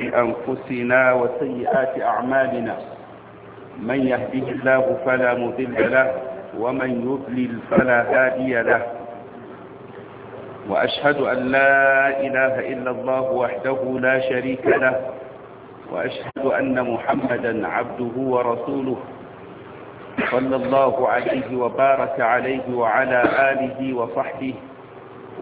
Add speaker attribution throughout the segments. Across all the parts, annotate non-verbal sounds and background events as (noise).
Speaker 1: بأنفسنا وسيئات أعمالنا من يهده الله فلا مضل له ومن يضلل فلا هادي له وأشهد أن لا إله إلا الله وحده لا شريك له وأشهد أن محمدا عبده ورسوله صلى الله عليه وبارك عليه وعلى آله وصحبه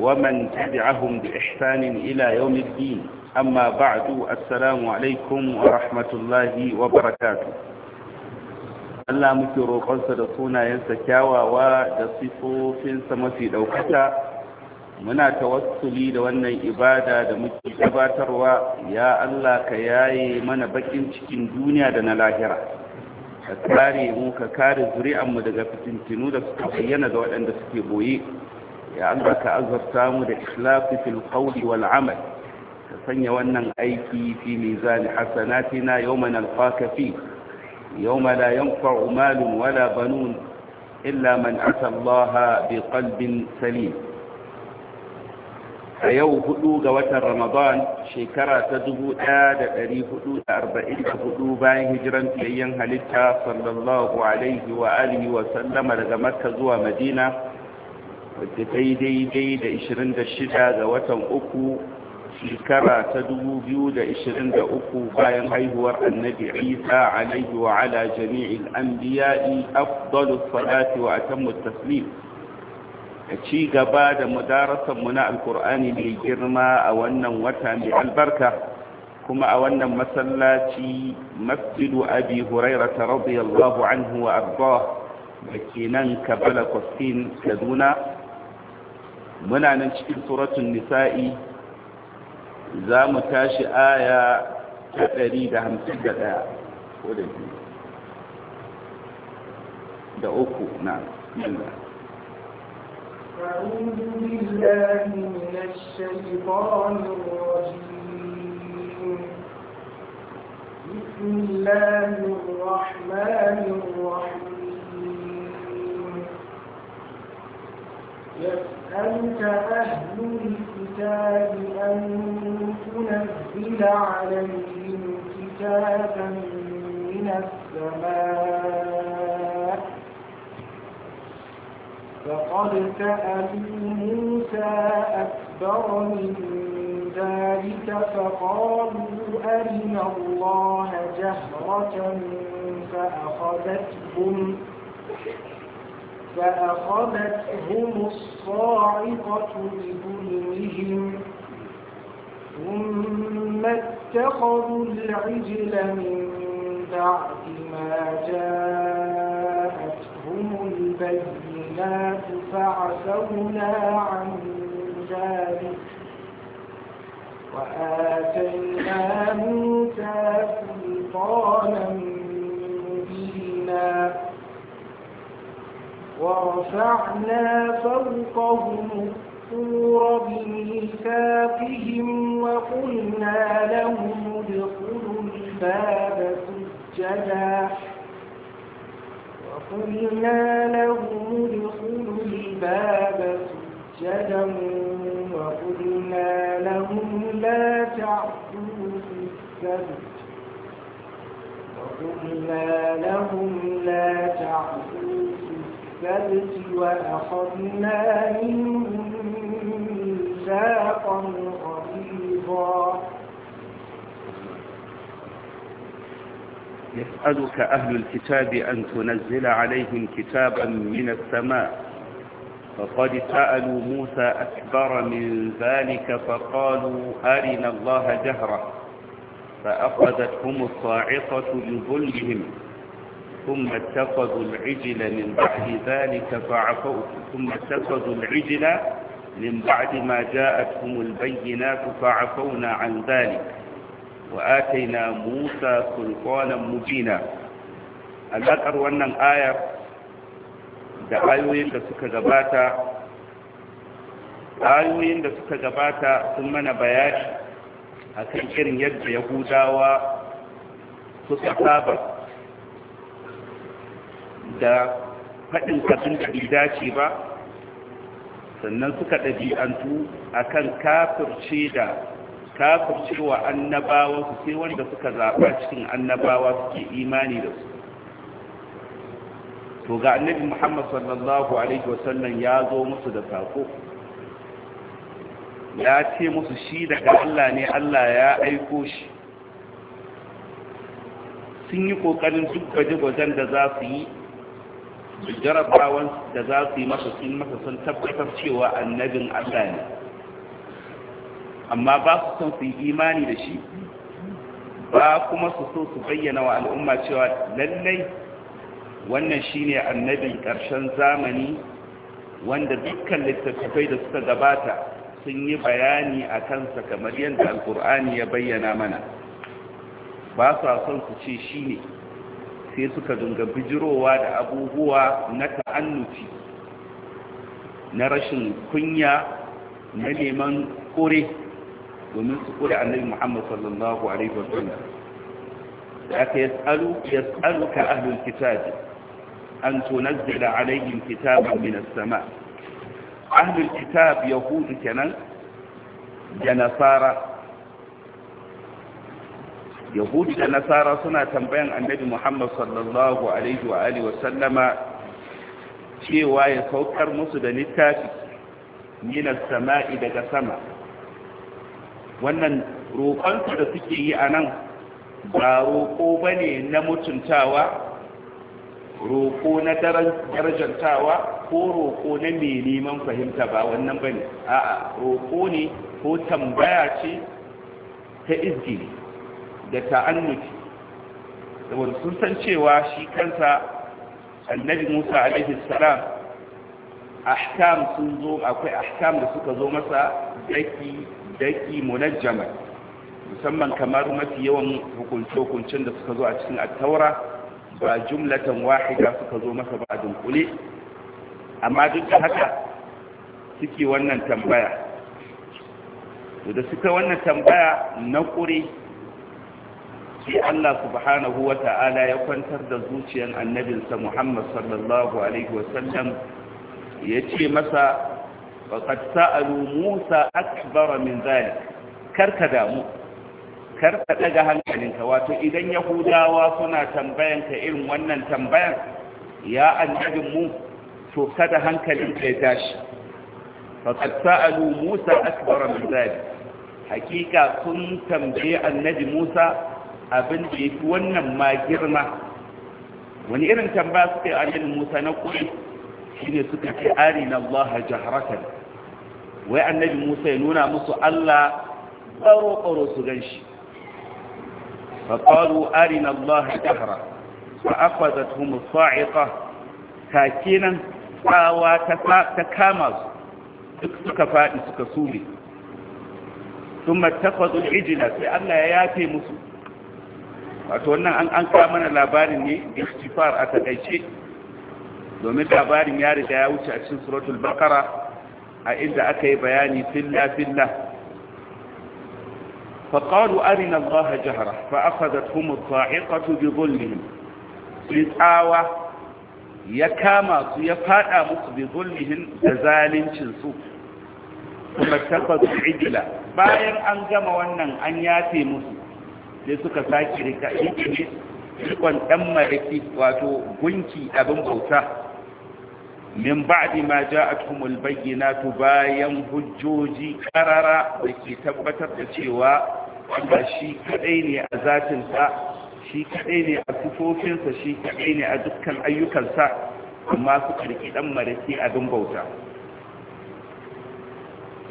Speaker 1: ومن تبعهم بإحسان إلى يوم الدين أما بعد السلام عليكم ورحمة الله وبركاته Allah muke roƙonsa da sunayensa kyawawa da sifofinsa mafi ɗaukata muna tawassuli da wannan ibada da muke gabatarwa ya Allah ka yaye mana baƙin cikin duniya da na lahira ka kare mu ka kare zuri'anmu daga fitintinu da suka bayyana da waɗanda suke boye ya Allah ka mu da ikhlasi fil qawli wal amal ka sanya wannan aiki fi mizan hasanatina yawma nalqaka fi yawma la yanfa'u malun wala banun illa man ata Allah bi qalbin salim a yau hudu ga watan ramadan shekara ta 1444 bayan hijiran fiyayyen halitta sallallahu alaihi wa alihi wa sallama daga makka zuwa madina wadda ta yi daidai da 26 ga watan uku shekara ta 2023 bayan haihuwar annabi isa alaihi wa ala jami'il anbiya'i afdalu salati wa atammu taslim a ci gaba da mu na alkur'ani mai girma a wannan wata mai albarka kuma a wannan masallaci masjidu abi hurairata radiyallahu anhu wa arda da ke nan kabala kwastin kaduna muna nan cikin suratun nisa'i za mu tashi aya ta ɗari da hamsin da ɗaya ko da biyu da uku na yalla
Speaker 2: بسم الله الرحمن الرحيم أنت أهل الكتاب أن تنزل عليهم كتابا من السماء فقد سألوا موسى أكبر من ذلك فقالوا أرنا الله جهرة فأخذتهم فأخذتهم الصاعقة بظلمهم ثم اتخذوا العجل من بعد ما جاءتهم البينات فعفونا عن ذلك وآتينا موسى سلطانا مبينا ورفعنا فوقهم الطور بميثاقهم وقلنا لهم ادخلوا الباب سجدا وقلنا لهم ادخلوا الباب سجدا وقلنا لهم لا تعدوا في السبت وقلنا لهم لا تعدوا السبت وأخذنا منهم ميثاقا غليظا
Speaker 1: يسألك أهل الكتاب أن تنزل عليهم كتابا من السماء فقد سألوا موسى أكبر من ذلك فقالوا أرنا الله جهرة فأخذتهم الصاعقة بظلمهم ثم اتخذوا العجل من بعد ذلك فعفوا ثم اتخذوا العجل من بعد ما جاءتهم البينات فعفونا عن ذلك وآتينا موسى سلطانا مبينا alaƙar wannan ayar da ayoyin da suka gabata ayoyin da suka gabata sun mana bayani akan irin yadda yahudawa suka saba da faɗin kasun da dace ba sannan suka ɗabi'antu a kan kafirce da kafircewa annabawa su sai wanda suka zaɓa cikin annabawa suke imani da su to ga annabi muhammad sallallahu alaihi wasallam ya zo musu da sako ya ce musu shi daga allah ne allah ya aiko shi sun yi ƙoƙarin duk gwaje-gwajen da za su yi jarabawan da za su yi masa sun masa sun tabbatar cewa annabin Allah ne amma ba su son su yi imani da shi ba kuma su so su bayyana wa al'umma cewa lallai wannan shine annabin ƙarshen zamani wanda dukkan littattafai da suka gabata sun yi bayani a kansa kamar yadda alkur'ani ya bayyana mana ba su son su ce shi ne sai suka dunga bijirowa da abubuwa na ta'annuci na rashin kunya na neman kore domin su kore annabi Muhammad sallallahu alaihi wasallam da aka yi yasalu ka ahlul kitabi an tunazzila da kitaban kitabin minas sama ahlul kitab yahudu kenan da nasara Yahudi da nasara suna tambayan annabi muhammad sallallahu alaihi wa alihi wasallama cewa ya saukar musu da littafi minas sama'i daga sama wannan roƙonsu da suke yi a nan ba roƙo ba ne na mutuntawa roƙo na darajantawa ko roƙo na mai neman fahimta ba wannan ba ne a'a roƙo ne ko tambaya ce ta izgini da ta'annuti saboda sun san cewa shi kansa annabi Musa alaihi salam ahkam sun zo akwai ahkam da suka zo masa daki daki munajjama musamman kamar mafi yawan hukunce-hukuncen da suka zo a cikin attaura ba jumlatan wahida suka zo masa ba a dunkule amma duk da haka suke wannan tambaya da suka wannan tambaya na ƙuri. sai Allah subhanahu wa ta'ala ya kwantar da zuciyan annabinsa Muhammad sallallahu alaihi wasallam ya ce masa faqad sa'alu Musa akbar min zalik karka damu karka daga hankalinka wato idan yahudawa suna tambayan ka irin wannan tambayan ya annabin mu to kada hankalin ka ya tashi faqad sa'alu Musa akbar min zalik hakika sun tambaye annabi Musa abin da ya fi wannan ma girma wani irin tambaya suka yi annabi musa na kuri shi ne suka ce arina allah jaharatan wai annabi musa ya nuna musu allah ƙaro-ƙaro su gan shi faƙaru arina allah jahara fa afazat humu sa'iqa kakinan tsawa ta kama su duk suka faɗi suka sure ijina sai Allah ya yafe musu. wato wannan an an mana labarin ne istifar a takaice domin labarin ya riga ya wuce a cikin suratul bakara a inda aka yi bayani filla-filla faƙaru arina allaha jihara fa aka da tumur fa’iƙatu bi zulmihim tsawa ya kama su ya faɗa musu bi zulmihim da zalincinsu kuma tafa su bayan an gama wannan an yafe musu sai suka sake rika ne rikon ɗan mariki wato gunki abin bauta min ba'di ma ja'atuhumul bayyinatu bayan hujjoji karara da ke tabbatar da cewa wanda shi kadai ne a zatinsa shi kadai ne a sifofinsa shi kadai ne a dukkan ayyukansa amma su karki dan mariki abin bauta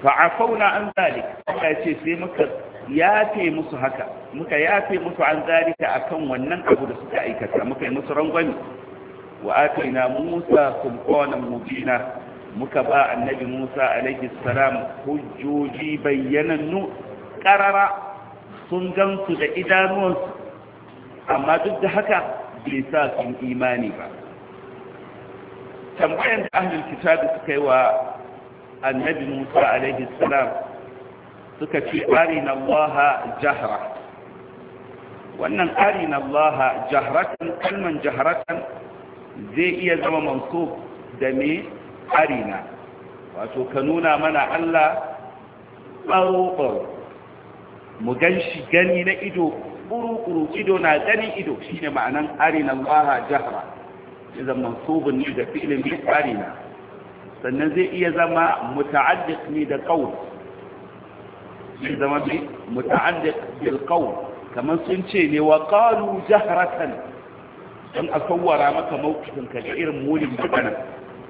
Speaker 1: fa'afauna an zalik ya ce sai muka yafe musu haka muka yafe musu an a kan wannan abu da suka aikata muka yi musu rangwani. wa na Musa sulqanan mubina muka ba annabi Musa alaihi salam hujjoji bayyanannu qarara sun gansu da idanuwansu amma duk da haka bai sa sun imani ba tambayan da ahlul kitabi suka yi wa annabi Musa alaihi salam suka ce arina Allah jahra wannan arina Allah jahratan kalman jahratan zai iya zama mansub da me arina wato ka nuna mana Allah ɓaro-ɓaro? mu gan shi gani na ido kuru-kuru ido na ganin ido shi ne ma'anan arina Allah jahra ya zama mansubin ne da filin arina sannan zai iya zama muta'addiq ne da ƙaun. zai zama muta'addiq bil ƙaun. kamar sun ce ne wa qalu jahratan don a kawara maka mawqifin ka da irin mulin magana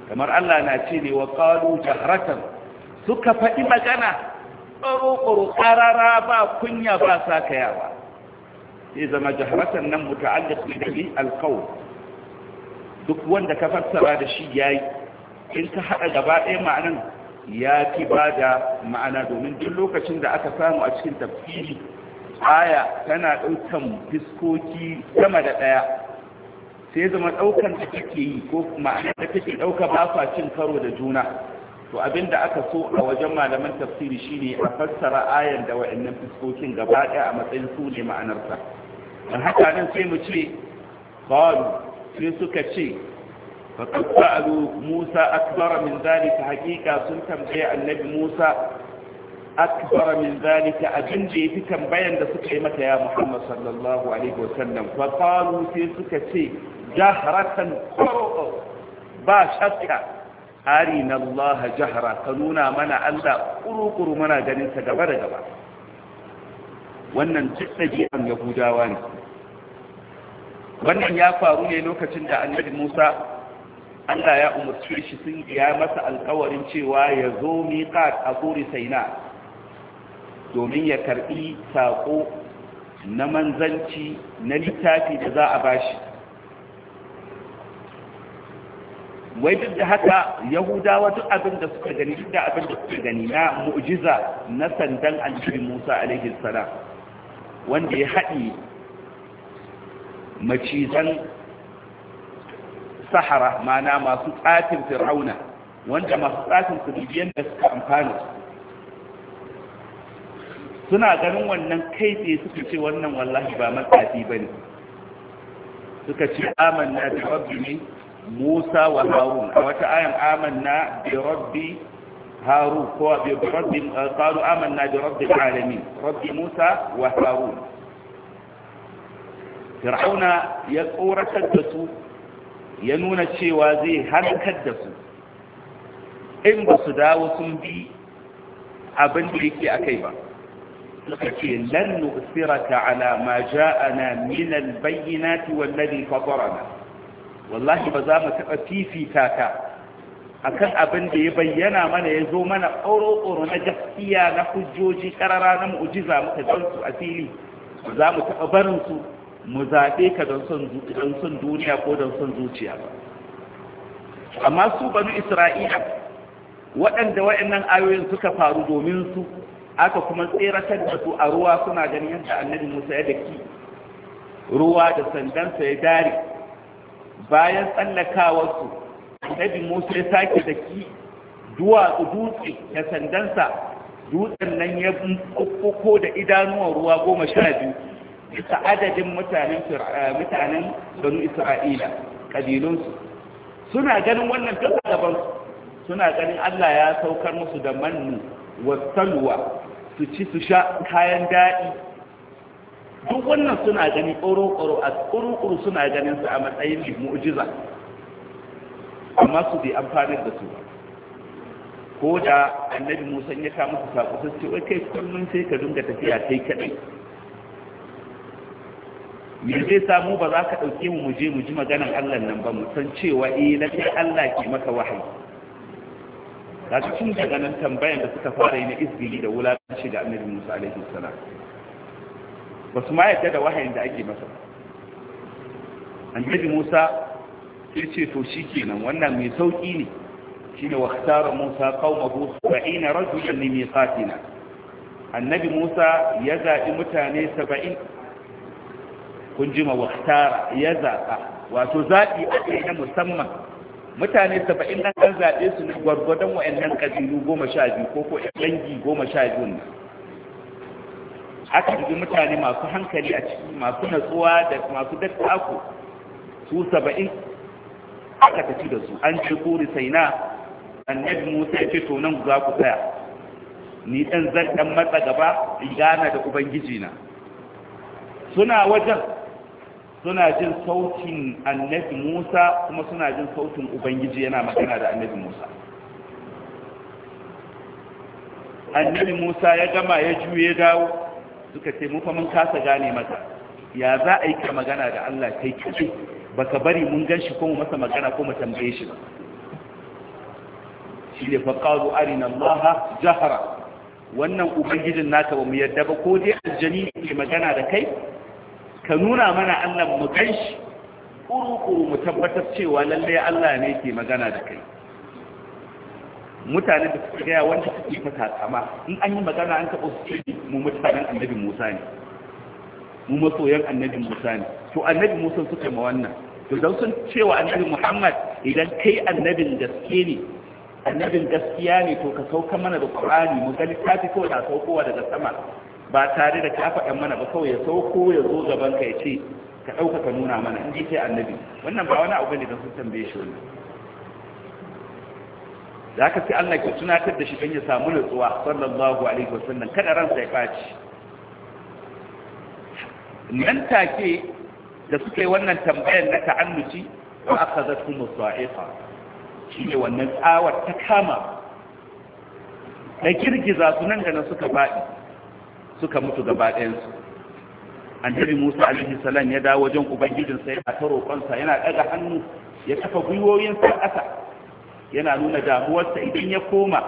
Speaker 1: kamar Allah na ce ne wa qalu jahratan suka faɗi magana ƙoro ƙarara ba kunya ba sa ba. sai zama jahratan nan muta'alliq bi dalil alqawl duk wanda ka fassara da shi yi. in ka haɗa gaba ɗaya ma'anan ya fi ba da ma'ana domin duk lokacin da aka samu a cikin tafsiri aya tana ɗaukan fiskoki sama da ɗaya sai zama ɗaukan da kake yi ko ma'ana da kake ɗauka ba cin karo da juna to abin da aka so a wajen malaman tafsiri shine a fassara ayan da wa'annan fiskokin gaba daya a matsayin su ne ma'anarsa don haka nan sai mu ce qalu sai suka ce faqad sa'alu Musa akbara min zalika haqiqa sun tambaye annabi Musa akbar min zalika abin da yafi tambayan da suka yi mata ya Muhammad sallallahu alaihi wasallam fa qalu sai suka ce jahratan qaro ba shakka arina Allah jahra ka nuna mana Allah kurukuru mana ganin sa gaba da gaba wannan duk dabi'an Yahudawa ne wannan ya faru ne lokacin da Annabi Musa Allah ya umarci shi sun ya masa alkawarin cewa ya zo miƙat a kuri saina domin ya karbi sako na manzanci na littafi da za a bashi wai duk da haka yahudawa duk abin da suka gani duk da abin da suka gani na mu'jiza na sandan annabi Musa alaihi salam wanda ya haɗi macizan sahara mana masu tsafin fir'auna wanda masu tsafin su biyan da suka amfana suna ganin wannan kai ne suka ce wannan wallahi ba matsafi ba ne suka ce amanna da rabbi ne musa wa harun a wata ayan amanna da rabbi Haru. ko biyu rabbi eh, qalu amanna da rabbi alamin rabbi musa wa harun fir'auna ya tsoratar da su ya nuna cewa zai halakar da su in ba su dawo sun bi abin da yake kai ba suka ce lan nu'siraka ala ma ja'ana min al-bayyinati wallazi fatarana wallahi ba za mu taba fifita ka akan abin da ya bayyana mana ya zo mana ƙoro-ƙoro na gaskiya na hujjoji ƙarara na mu'jiza muka gan a fili ba za mu taɓa barin su mu zaɓe ka don son duniya ko don son zuciya ba amma su banu isra'ila waɗanda waɗannan ayoyin suka faru domin su aka kuma tseratar da su a ruwa suna ganin yadda annabi musa ya daki ruwa da sandansa ya dare bayan tsallakawarsu annabi musa ya sake daki duwatsu dutse da sandansa dutsen nan ya kokko da idanuwan ruwa goma sha biyu bisa adadin mutanen eh, banu isra'ila ƙabilunsu suna ganin wannan gaban suna ganin allah ya saukar musu da mannu wasalwa su ci su sha kayan daɗi duk wannan suna gani ƙoro-ƙoro a ƙoro-ƙoro suna ganin su a matsayin mu'ujiza. amma su bai amfani da su ko da annabi musa ya kama su saƙo su ce wai kullum sai ka dinga tafiya kai kaɗai me zai samu ba za ka ɗauke mu mu je mu ji maganan allah nan ba mu san cewa eh na kai allah ke maka wahayi kaga tun daga nan tambayan da suka fara yi na izgili da wulatanci da annabi Musa alaihi salam ba su ma yadda da wahayin da ake masa annabi Musa ya ce to shikenan wannan mai sauƙi ne Shi ne khtara Musa qaumahu 70 rajulan li miqatina annabi Musa ya zaɓi mutane saba'in. kun jima ma ya zaɓa wato zaɓi ake na musamman mutane saba'in nan an zaɓe su ne gwargwadon wa'annan ƙabilu goma sha biyu ko ko dangi goma sha biyu ne aka dubi mutane masu hankali a ciki masu natsuwa da masu dattako su saba'in aka tafi da su an ce kuri sai na annabi musa ya ce to nan za ku tsaya ni ɗan zan ɗan matsa gaba in gana da ubangiji na suna wajen suna jin sautin annabi Musa kuma suna jin sautin Ubangiji yana magana da annabi Musa. Annabi Musa ya gama ya juye dawo suka ce mu mun kasa gane maka. ya za a yi ka magana da Allah kai baka bari mun gan shi ko mu masa magana ko mu tambaye shi ba. Shi ne faqalu arina Allah jahara wannan ubangijin naka ba mu yadda ba ko dai aljani ke magana da kai ka nuna mana Allah mu kai shi kuru-kuru mu tabbatar cewa lallai Allah ne ke magana da kai mutane da suka gaya wanda suke fata kama in an yi magana an taɓa su mu mutanen annabi musa ne mu masoyan annabi musa ne to annabi musa suka ma wannan to don sun cewa annabi muhammad idan kai annabin gaske ne annabin gaskiya ne to ka sauka mana da qur'ani mu ga littafi kawai da saukowa daga sama ba tare da ka faɗa mana ba kawai ya sauko ya zo gaban ka ya ce ka ɗauka ka nuna mana in ji sai annabi wannan ba wani abu ne da sun tambaye shi wani da aka sai Allah ke tunatar da shi don ya samu nutsuwa sallallahu alaihi wasallam kada ransa ya ɓaci nan take da suka yi wannan tambayar na ta'annuci wa aka zartu musa'ifa shi ne wannan tsawar ta kama na girgiza su nan da suka faɗi suka mutu gaba ɗayansu annabi musa alaihi salam ya dawo wajen ubangijinsa a taro kansa yana ɗaga hannu ya kafa sa ƙasa yana nuna damuwarsa idan ya koma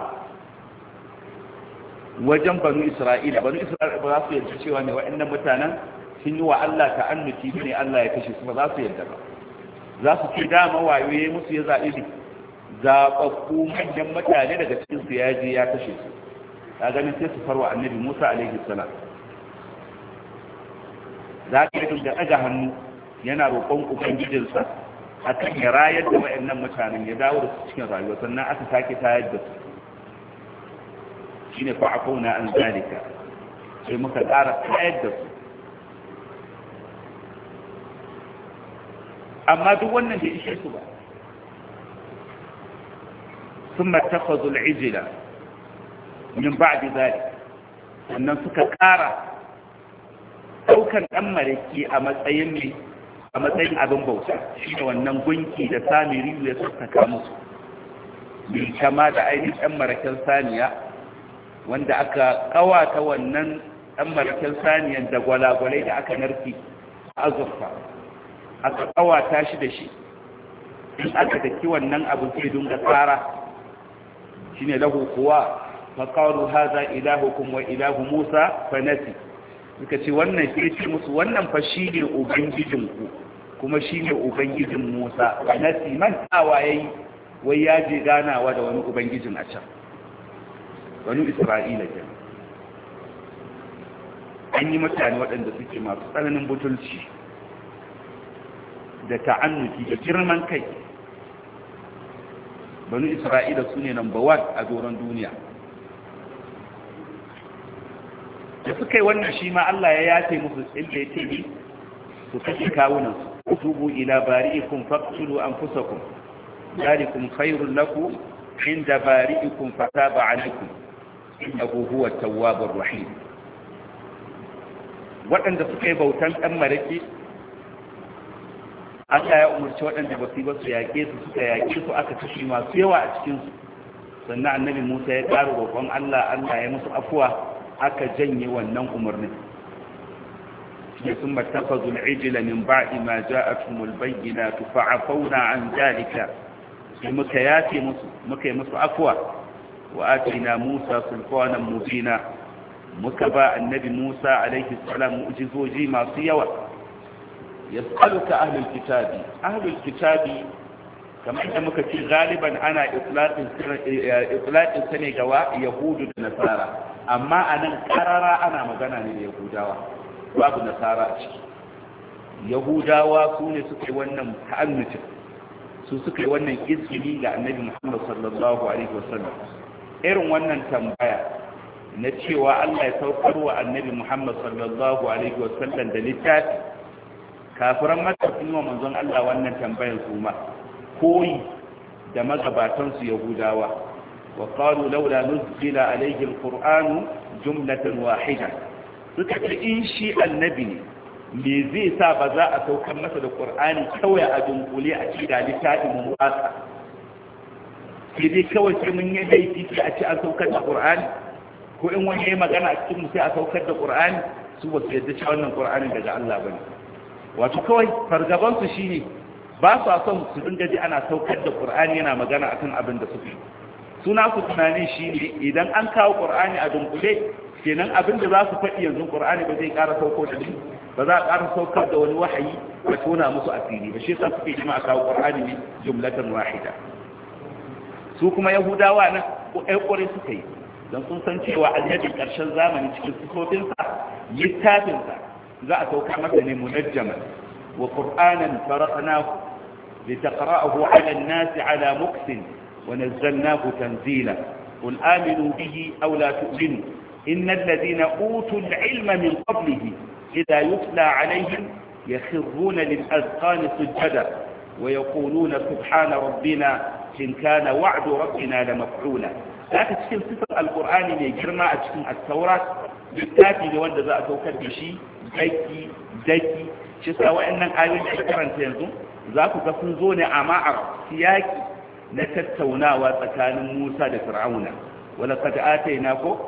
Speaker 1: wajen banu isra'ila banu isra'ila ba za su yarda cewa ne wa'annan mutanen sun yi wa Allah ta'annuci ne Allah ya kashe su ba za su yarda ba za su ci dama wayoyi musu ya zaɓi zaɓaɓɓu manyan mutane daga cikin su ya je ya kashe su ka gani sai su farwa annabi musa alaihi salam za ka yi da ɗaga hannu yana roƙon ubangijinsa a kan ya rayar da waɗannan mutanen ya dawo da su cikin rayuwa sannan aka sake ta yadda su shine ne fa a an zalika sai muka ƙara ta yadda su amma duk wannan bai ishe su ba sun matakazul ijila min ba'di zalik sannan suka kara daukan dan maraki a matsayin ne a matsayin abin bauta shine wannan gunki da samiri ya sassaka musu bi kama da ainihin dan marakin saniya wanda aka kawata wannan dan marakin saniyan da gwalagwalai da aka narki azurfa aka kawata shi da shi in aka daki wannan abu zai dinga tsara shine lahu kuwa faƙaru haza ilahukum wa ilahu musa fanasi suka ce wannan shi ce musu wannan fa shi ne ubangijinku kuma shi ne ubangijin musa fanasi mantawa ya yi wai ya je ganawa da wani ubangijin a can wani isra'ila ke an yi mutane waɗanda suke masu tsananin butulci da ta'annuki da girman kai banu isra'ila su ne number one a doron duniya da suka yi wannan shi ma Allah ya yafe musu inda ya ce su kashe kawunan su tubu ila bari'ikum faqtulu anfusakum dalikum khairul lakum inda bari'ikum fataba alaikum innahu huwa tawwabur rahim waɗanda suka yi bautan ɗan maraki Allah ya umarci waɗanda ba su yi ba su yaƙe su suka yaƙe su aka kashe masu yawa a cikinsu sannan annabi Musa ya ƙara roƙon Allah Allah ya musu afuwa aka janye wannan umarnin ya sun matakazu al'ijila min ba'i ma ja'atumul bayyana tu fauna an jalika. sai muka yafe musu muka yi musu afwa wa atina Musa sulfanan mubina muka ba annabi Musa alaihi salam mu'jizoji masu yawa yas'aluka ahlul kitabi ahlul kitabi kamar da muka ci galiban ana itlaqin eh, itlaqin sane yahudu da nasara amma a nan karara ana magana ne da yahudawa babu nasara a ciki yahudawa su ne suka yi wannan ta'annucin su suka yi wannan izgili ga annabi muhammad sallallahu alaihi wasallam irin wannan tambaya na cewa allah ya saukar wa annabi muhammad sallallahu alaihi wasallam da littafi kafiran mata sun yi wa manzon allah wannan tambayar su ma koyi da magabatansu yahudawa وقالوا لولا نزل عليه القرآن جملة واحدة shi annabi ne. me zai sa ba za a saukar masa da ƙur'ani kawai a dunkule a ci da littafin muwasa sai dai kawai sai mun yi laifi sai a ci an saukar da ƙur'ani ko in wani ya magana a cikin sai a saukar da ƙur'ani su ba su yadda ci wannan ƙur'anin daga Allah ba ne wato kawai fargabansu shine ba su a son su dinga ji ana saukar da ƙur'ani yana magana akan abin da suke suna ku tunani shi ne idan an kawo ƙur'ani a dunkule kenan abin da za su faɗi yanzu ƙur'ani ba zai ƙara sauko da shi ba za a ƙara saukar da wani wahayi ba tona musu asiri ba shi yasa suke jima a kawo ƙur'ani ne jumlatan wahida su kuma yahudawa nan ƙwaƙware suka yi don sun san cewa annabi ƙarshen zamani cikin sifofinsa littafinsa za a sauka masa ne munajjaman wa qur'anan faraqnahu litaqra'ahu 'ala an-nasi 'ala muksin. ونزلناه تنزيلا قل آمنوا به أو لا تؤمنوا إن الذين أوتوا العلم من قبله إذا يتلى عليهم يخرون للأذقان سجدا ويقولون سبحان ربنا إن كان وعد ربنا لمفعولا ذاك تشكل صفر القرآن من جرمى أشكل التوراة بالتاتي لوند ذا أتوكر بشي زكي زكي shi sa wa'annan ayoyin da karanta yanzu za ku ga sun zo ne a ma'ar siyaki na tattaunawa tsakanin Musa da Fir'auna wala qad atayna ko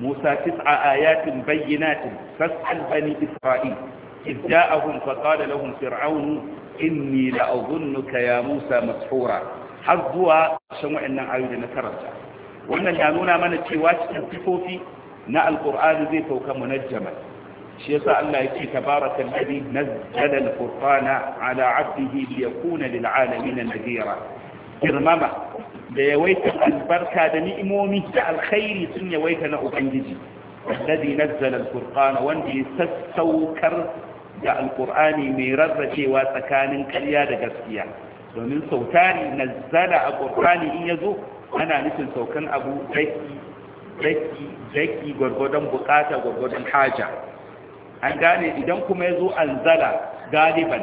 Speaker 1: Musa tis'a ayatin bayyinatin fas'al bani Isra'il idda'ahum fa da lahum Fir'aun inni la'udunka ya Musa mashura har zuwa san wa'annan ayoyi da na karanta wannan ya nuna mana cewa cikin tifofi na alqur'ani zai sauka munajjama shi yasa Allah yake tabaraka alladhi nazzala alqur'ana ala 'abdihi liyakuna lil'alamin nadira girmama da yawaita albarka da ni'imomi ta alkhairi sun yawaita na ubangiji alladhi nazzala alqur'ana wanda ya sassaukar da alqur'ani mai rarracewa tsakanin ƙarya da gaskiya domin sautari a alqur'ani in yazo ana nufin saukan abu daki daki gwargwadon bukata gwargwadon haja an gane idan kuma yazo anzala galiban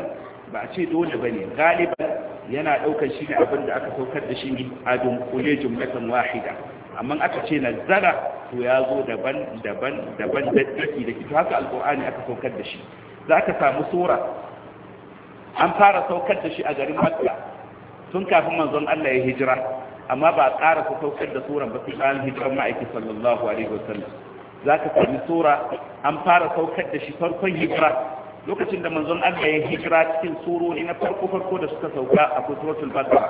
Speaker 1: ba ce dole bane galiban yana ɗaukar shi ne abin da aka saukar da shi ne a dunkule jumlatan wahida amma aka ce nazara to ya zo daban daban daban da tsaki da kito haka alƙur'ani aka saukar da shi za ka samu sura an fara saukar da shi a garin makka tun kafin manzon Allah ya hijira amma ba a ƙara su saukar da suran ba su bayan hijiran ma'aiki sallallahu alaihi wasallam za ka sami sura an fara saukar da shi farkon hijira lokacin da manzon Allah ya hijira cikin surori na farko farko da suka sauka a suratul baqara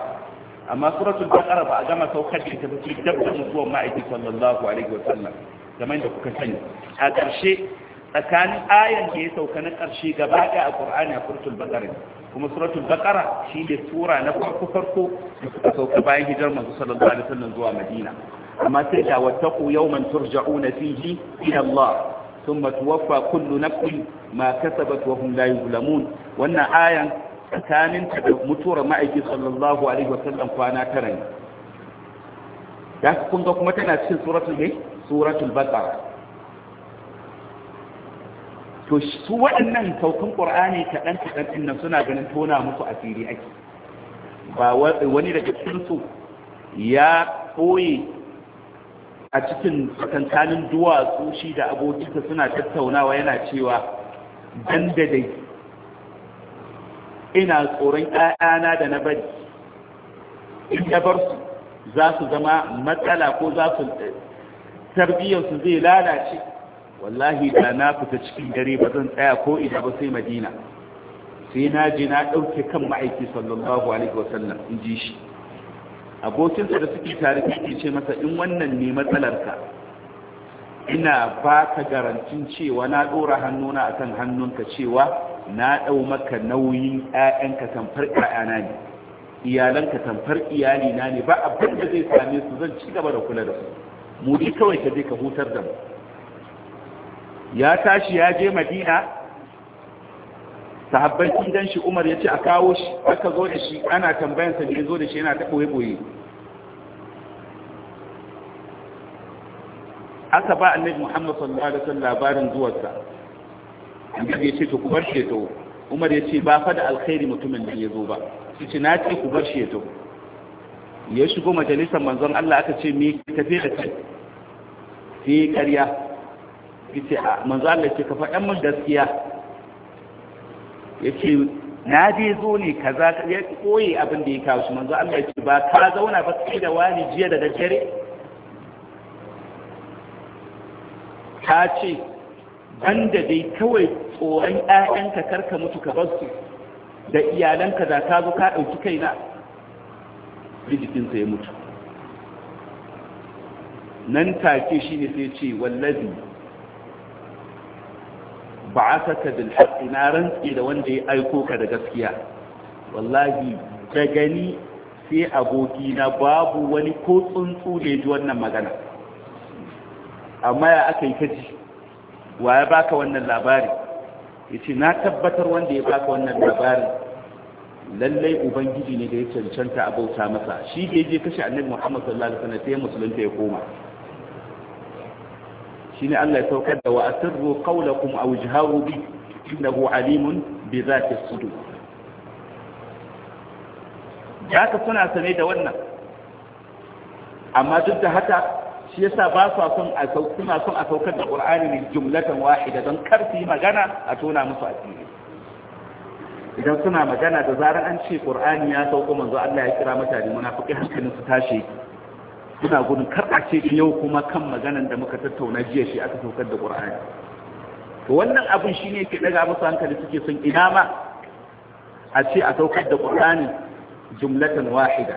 Speaker 1: amma suratul baqara ba a gama saukar da ita ba ce dab da mutuwar ma'aiki sallallahu alaihi wa sallam kamar da kuka sani a ƙarshe tsakanin ayan da ya sauka na ƙarshe gaba ɗaya a Qur'ani a suratul baqara kuma suratul baqara shi ne sura na farko farko da suka sauka bayan hijirar manzo sallallahu alaihi wa sallam zuwa Madina amma sai da wattaqu yawman turja'una fihi ila Allah ثم توفى كل نفس ما كسبت وهم لا يظلمون wannan ayan tsakanin da mutuwar ma'aiki sallallahu alaihi wasallam kwana tara ne ya kun ga kuma tana cikin suratul ne suratul baqara to su waɗannan saukan qur'ani kaɗan kaɗan din nan suna ganin tona musu asiri ake ba wani daga ya koyi a cikin tsakankanin duwatsu shi da abokinsa suna tattaunawa yana cewa dan da dai ina tsoron ƴaƴana da na bari in ya su za su zama matsala ko za su tarbiyyarsu zai lalace wallahi da na fita cikin dare ba zan tsaya ko ina ba sai madina sai na je na ɗauke kan ma'aiki sallallahu alaihi wasallam in ji shi abokinsa da suke tare suke ce masa in wannan ne matsalarka ina ba ka garantin cewa na dora hannuna a kan hannunka cewa na ɗau maka nauyin ‘ya'yanka tamfar ‘ya'yana ne iyalanka tamfar iyalina ne ba abin da zai same su zan ci gaba da kula da su mu kawai ka je ka hutar da mu ya tashi ya je madina Sahabban sun shi umar ya ce a kawo shi aka zo da shi ana sa ne zo da shi yana ta ɓoye-ɓoye aka ba annabi muhammad sallallahu alaihi wasallam labarin zuwarsa annabi ya ce to ku bar shi ya taho umar ya ce ba fa da alkhairi mutumin da ya zo ba su ce na ce ku bar shi ya taho ya shigo majalisar manzon Allah aka ce me tafi da kai sai ƙarya ya ce a manzon Allah ce ka faɗan mun gaskiya ya ce na dai zo ne kaza ya koyi abin da ya kawo shi manzo Allah ya ce ba ka zauna ba kai da wani jiya da daddare ta ce banda dai kawai tsoron ƴaƴanka karka mutu ka bar su da iyalanka da ka zo ka ɗauki kaina jikinsa ya mutu nan take shi ne sai ce wallazi ba'ataka bil haqqi na rantsi da wanda ya aiko ka da gaskiya wallahi da gani sai aboki na babu wani ko tsuntsu da wannan magana amma ya aka yi kaji wa ya baka wannan labari yace na tabbatar wanda ya baka wannan labari lallai ubangiji ne da ya cancanta abauta masa shi da ya je kashe annabi Muhammad sallallahu alaihi wasallam sai musulunta ya koma shine Allah ya saukar da wa asirru qawlakum aw ijharu bi innahu alimun bi zati sudur haka suna sane da wannan amma duk da haka shi yasa ba su son a suna son a saukar da Qur'ani ne jumlatan wahida don kar magana a tona musu asiri idan suna magana da zarar an ce Qur'ani ya sauko manzo Allah ya kira mutane munafiki hankalin su tashi ina gudun kar a ce yau kuma kan maganan da muka tattauna jiya shi aka saukar da ƙur'ani. to wannan abin ne ke ɗaga musu hankali suke son ina ma a ce a saukar da ƙur'ani jumlatan wahida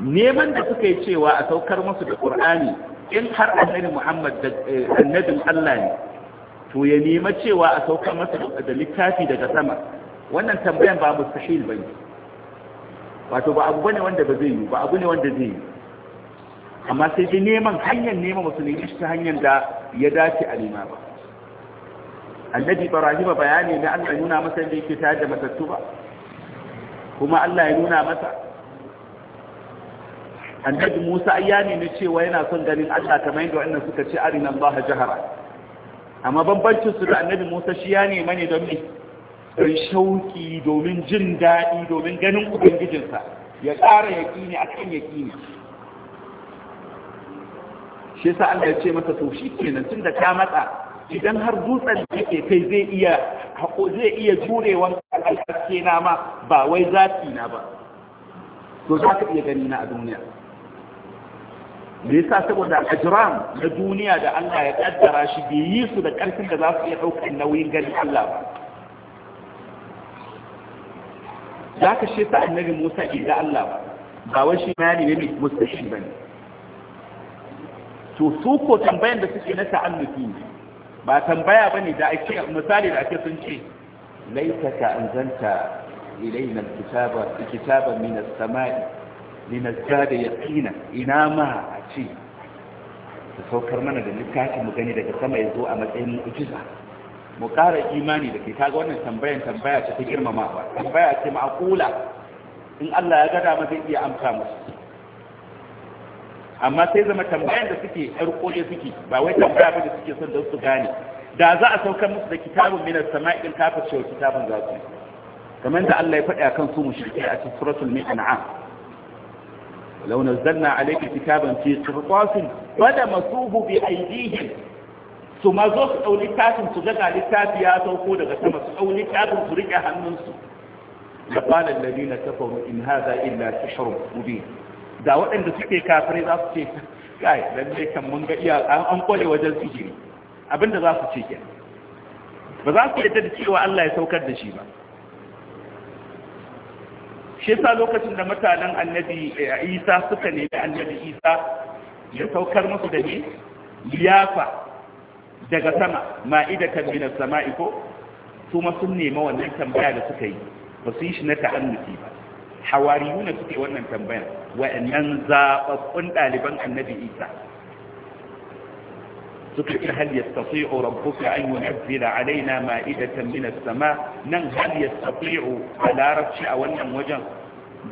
Speaker 1: neman da suka yi cewa a saukar musu da ƙur'ani in har annabi Muhammad da eh, annabin Allah ne to ya nema cewa a saukar masa da littafi daga sama wannan tambayan ba mustahil bane wato ba abu bane wanda ba zai yi ba abu ne wanda zai yi amma sai dai neman hanyar neman musulmi ta hanyar da ya dace a nema ba annabi ibrahim bayani ne Allah ya nuna masa da yake tare da matattu ba kuma Allah ya nuna masa annabi Musa ayyani ne cewa yana son ganin Allah kamar yadda wannan suka ce arinan Allah jahara amma bambancin su da annabi Musa shi ya nemi ne don me Ɗan shauki domin jin daɗi domin ganin ubangijinsa ya ƙara yaƙini a kan yaƙini shi sa Allah ya ce masa to shi kenan tun da ta matsa idan har dutsen da ke kai zai iya hako zai iya jurewan alhaske na ma ba wai zafi na ba to za ka iya gani na a duniya me yasa saboda ajram na duniya da Allah ya ƙaddara shi bai yi su da karfin da za su iya ɗaukar nauyin ganin Allah ba za ka shi sa annabi musa ga Allah ba wai shi ma ne mai mustashi ba ne to su ko tambayan da suke na ta'alluki ba tambaya ba ne da ake misali da ake sun ce laita ka anzanta ilaina kitaba kitaba min as-sama'i linazzada yaqina ina ma a ce ka saukar mana da littafin mu gani daga sama ya zo a matsayin mu'jiza mu ƙara imani da ke kaga wannan tambayan tambaya ce ta girmamawa tambaya ce ma'akula in Allah ya gada ma zai iya amsa musu amma sai zama tambayan da suke yar kole suke ba wai tambaya ba da suke son don su gane da za a saukar musu da kitabun minas sama'il kafir cewa kitabun za su kamar da Allah ya faɗi a akan su mushrike a cikin suratul mi'an'am ولو نزلنا عليك كتابا في قرطاس فلمسوه بأيديهم su ma zo su ɗau tafin su daga littafi ya sauko daga sama su ɗau tafin su riƙe hannunsu da balan ladina kafaru in za illa shirin kuɗi. da waɗanda suke kafirai za su ce kai lalle kan mun ga iya an kware wajen sihiri abinda za su ce ke ba za su yadda da cewa Allah ya saukar da shi ba shi sa lokacin da mutanen annabi eh, Isa suka nemi annabi Isa ya saukar musu da ne liyafa daga sama ma'idatan min as-sama'i ko sun nemi wannan tambaya da suka yi ba su yi shi na ta'annuti ba hawariyuna suke wannan tambayar wa'annan zababbun ɗaliban annabi Isa suka ce hal yastati'u rabbuka an yunzila alaina ma'idatan min as-sama nan hal yastati'u a larabci a wannan wajen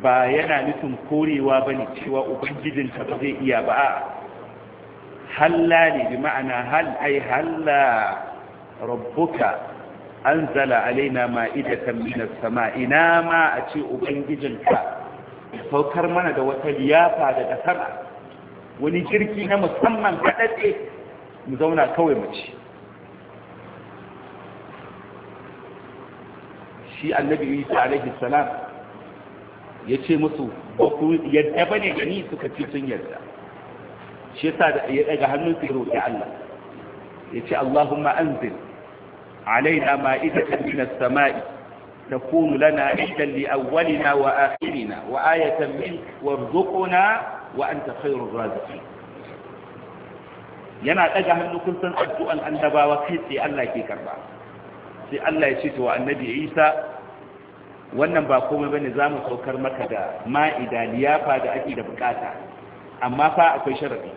Speaker 1: ba yana nufin korewa bane cewa ubangijinka ba zai iya ba halla ne bi ma'ana hal ai halla rabbuka anzala alaina ma'idatan minas sama ina ma a ce ubangijinka saukar mana da wata liyafa daga sama wani jirgi na musamman kaɗaɗe mu zauna kawai mu ci shi annabi isa alaihi salam ya ce musu ba ku yadda ba ne gani suka ci sun yadda. shi yasa da ya daga hannun sai roƙi Allah yace Allahumma anzil alaina ma'idatan min as-sama'i takunu lana idan li awwalina wa akhirina wa ayatan min warzuqna wa anta khairur raziqin yana daga hannun kun san addu'an annabawa kai sai Allah ke karba sai Allah ya ce to annabi Isa wannan ba komai bane za mu saukar maka da ma'ida liyafa da ake da bukata amma fa akwai sharadi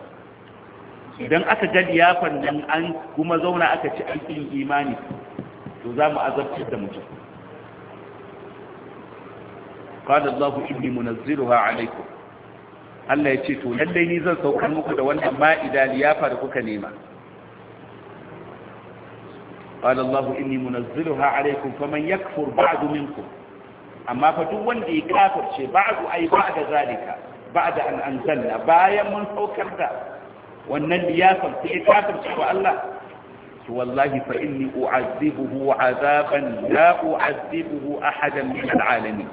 Speaker 2: idan aka ga
Speaker 1: liyafan nan an kuma zauna aka ci aikin imani to za mu azabtar da mutum qala allah inni munazziruha alaikum Allah ya ce to lallai ni zan saukar muku da wannan ma'ida liyafa da kuka nema قال الله إني منزلها عليكم فمن يكفر بعد منكم أما فتو دي كافر شي بعد أي بعد ذلك بعد أن أنزلنا بايا من فوكر ذلك wannan liyafar sai kafir cewa Allah to wallahi fa inni u'azzibuhu 'azaban la u'azzibuhu ahadan min al'alamin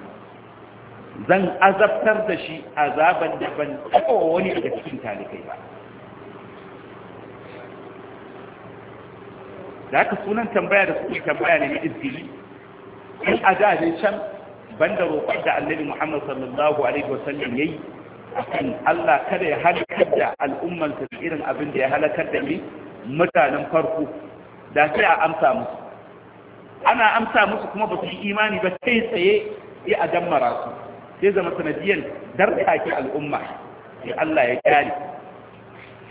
Speaker 1: zan azabtar da shi azaban da ban taba wani daga cikin talikai ba da haka sunan tambaya da suke tambaya ne na izgili in a da can Ban da roƙon da annabi Muhammad sallallahu alaihi wasallam yi. akan Allah kada ya halakar da al'ummansa da irin abin da ya halakar da ni mutanen farko da sai a amsa musu ana amsa musu kuma ba su yi imani ba sai tsaye ya a dammara su sai zama sanadiyan darɗaƙi al'umma sai Allah ya kyale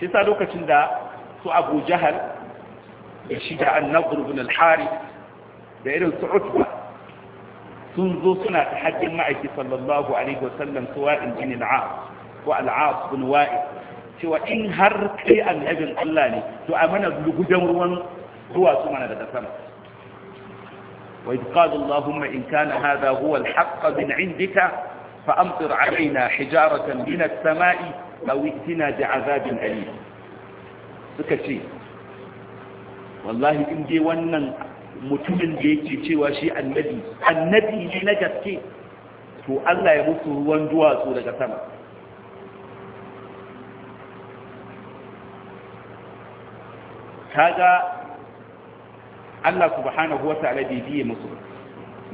Speaker 1: shi sa lokacin da su Abu Jahal da shi da al da irin su sun zo suna ta hajjin ma'aiki sallallahu alaihi wasallam su wa'in bin al'as ko al'as bin wa'in cewa in har kai annabin Allah ne to a mana gudan ruwan ruwa su mana daga sama وإذ قالوا اللهم إن كان هذا هو الحق من عندك فأمطر علينا حجارة من السماء أو ائتنا بعذاب أليم سكتي والله in je wannan. mutumin da yake cewa shi annabi annabi ne na gaske to Allah ya musu ruwan duwatsu daga sama kaga Allah subhanahu wataala bai biye musu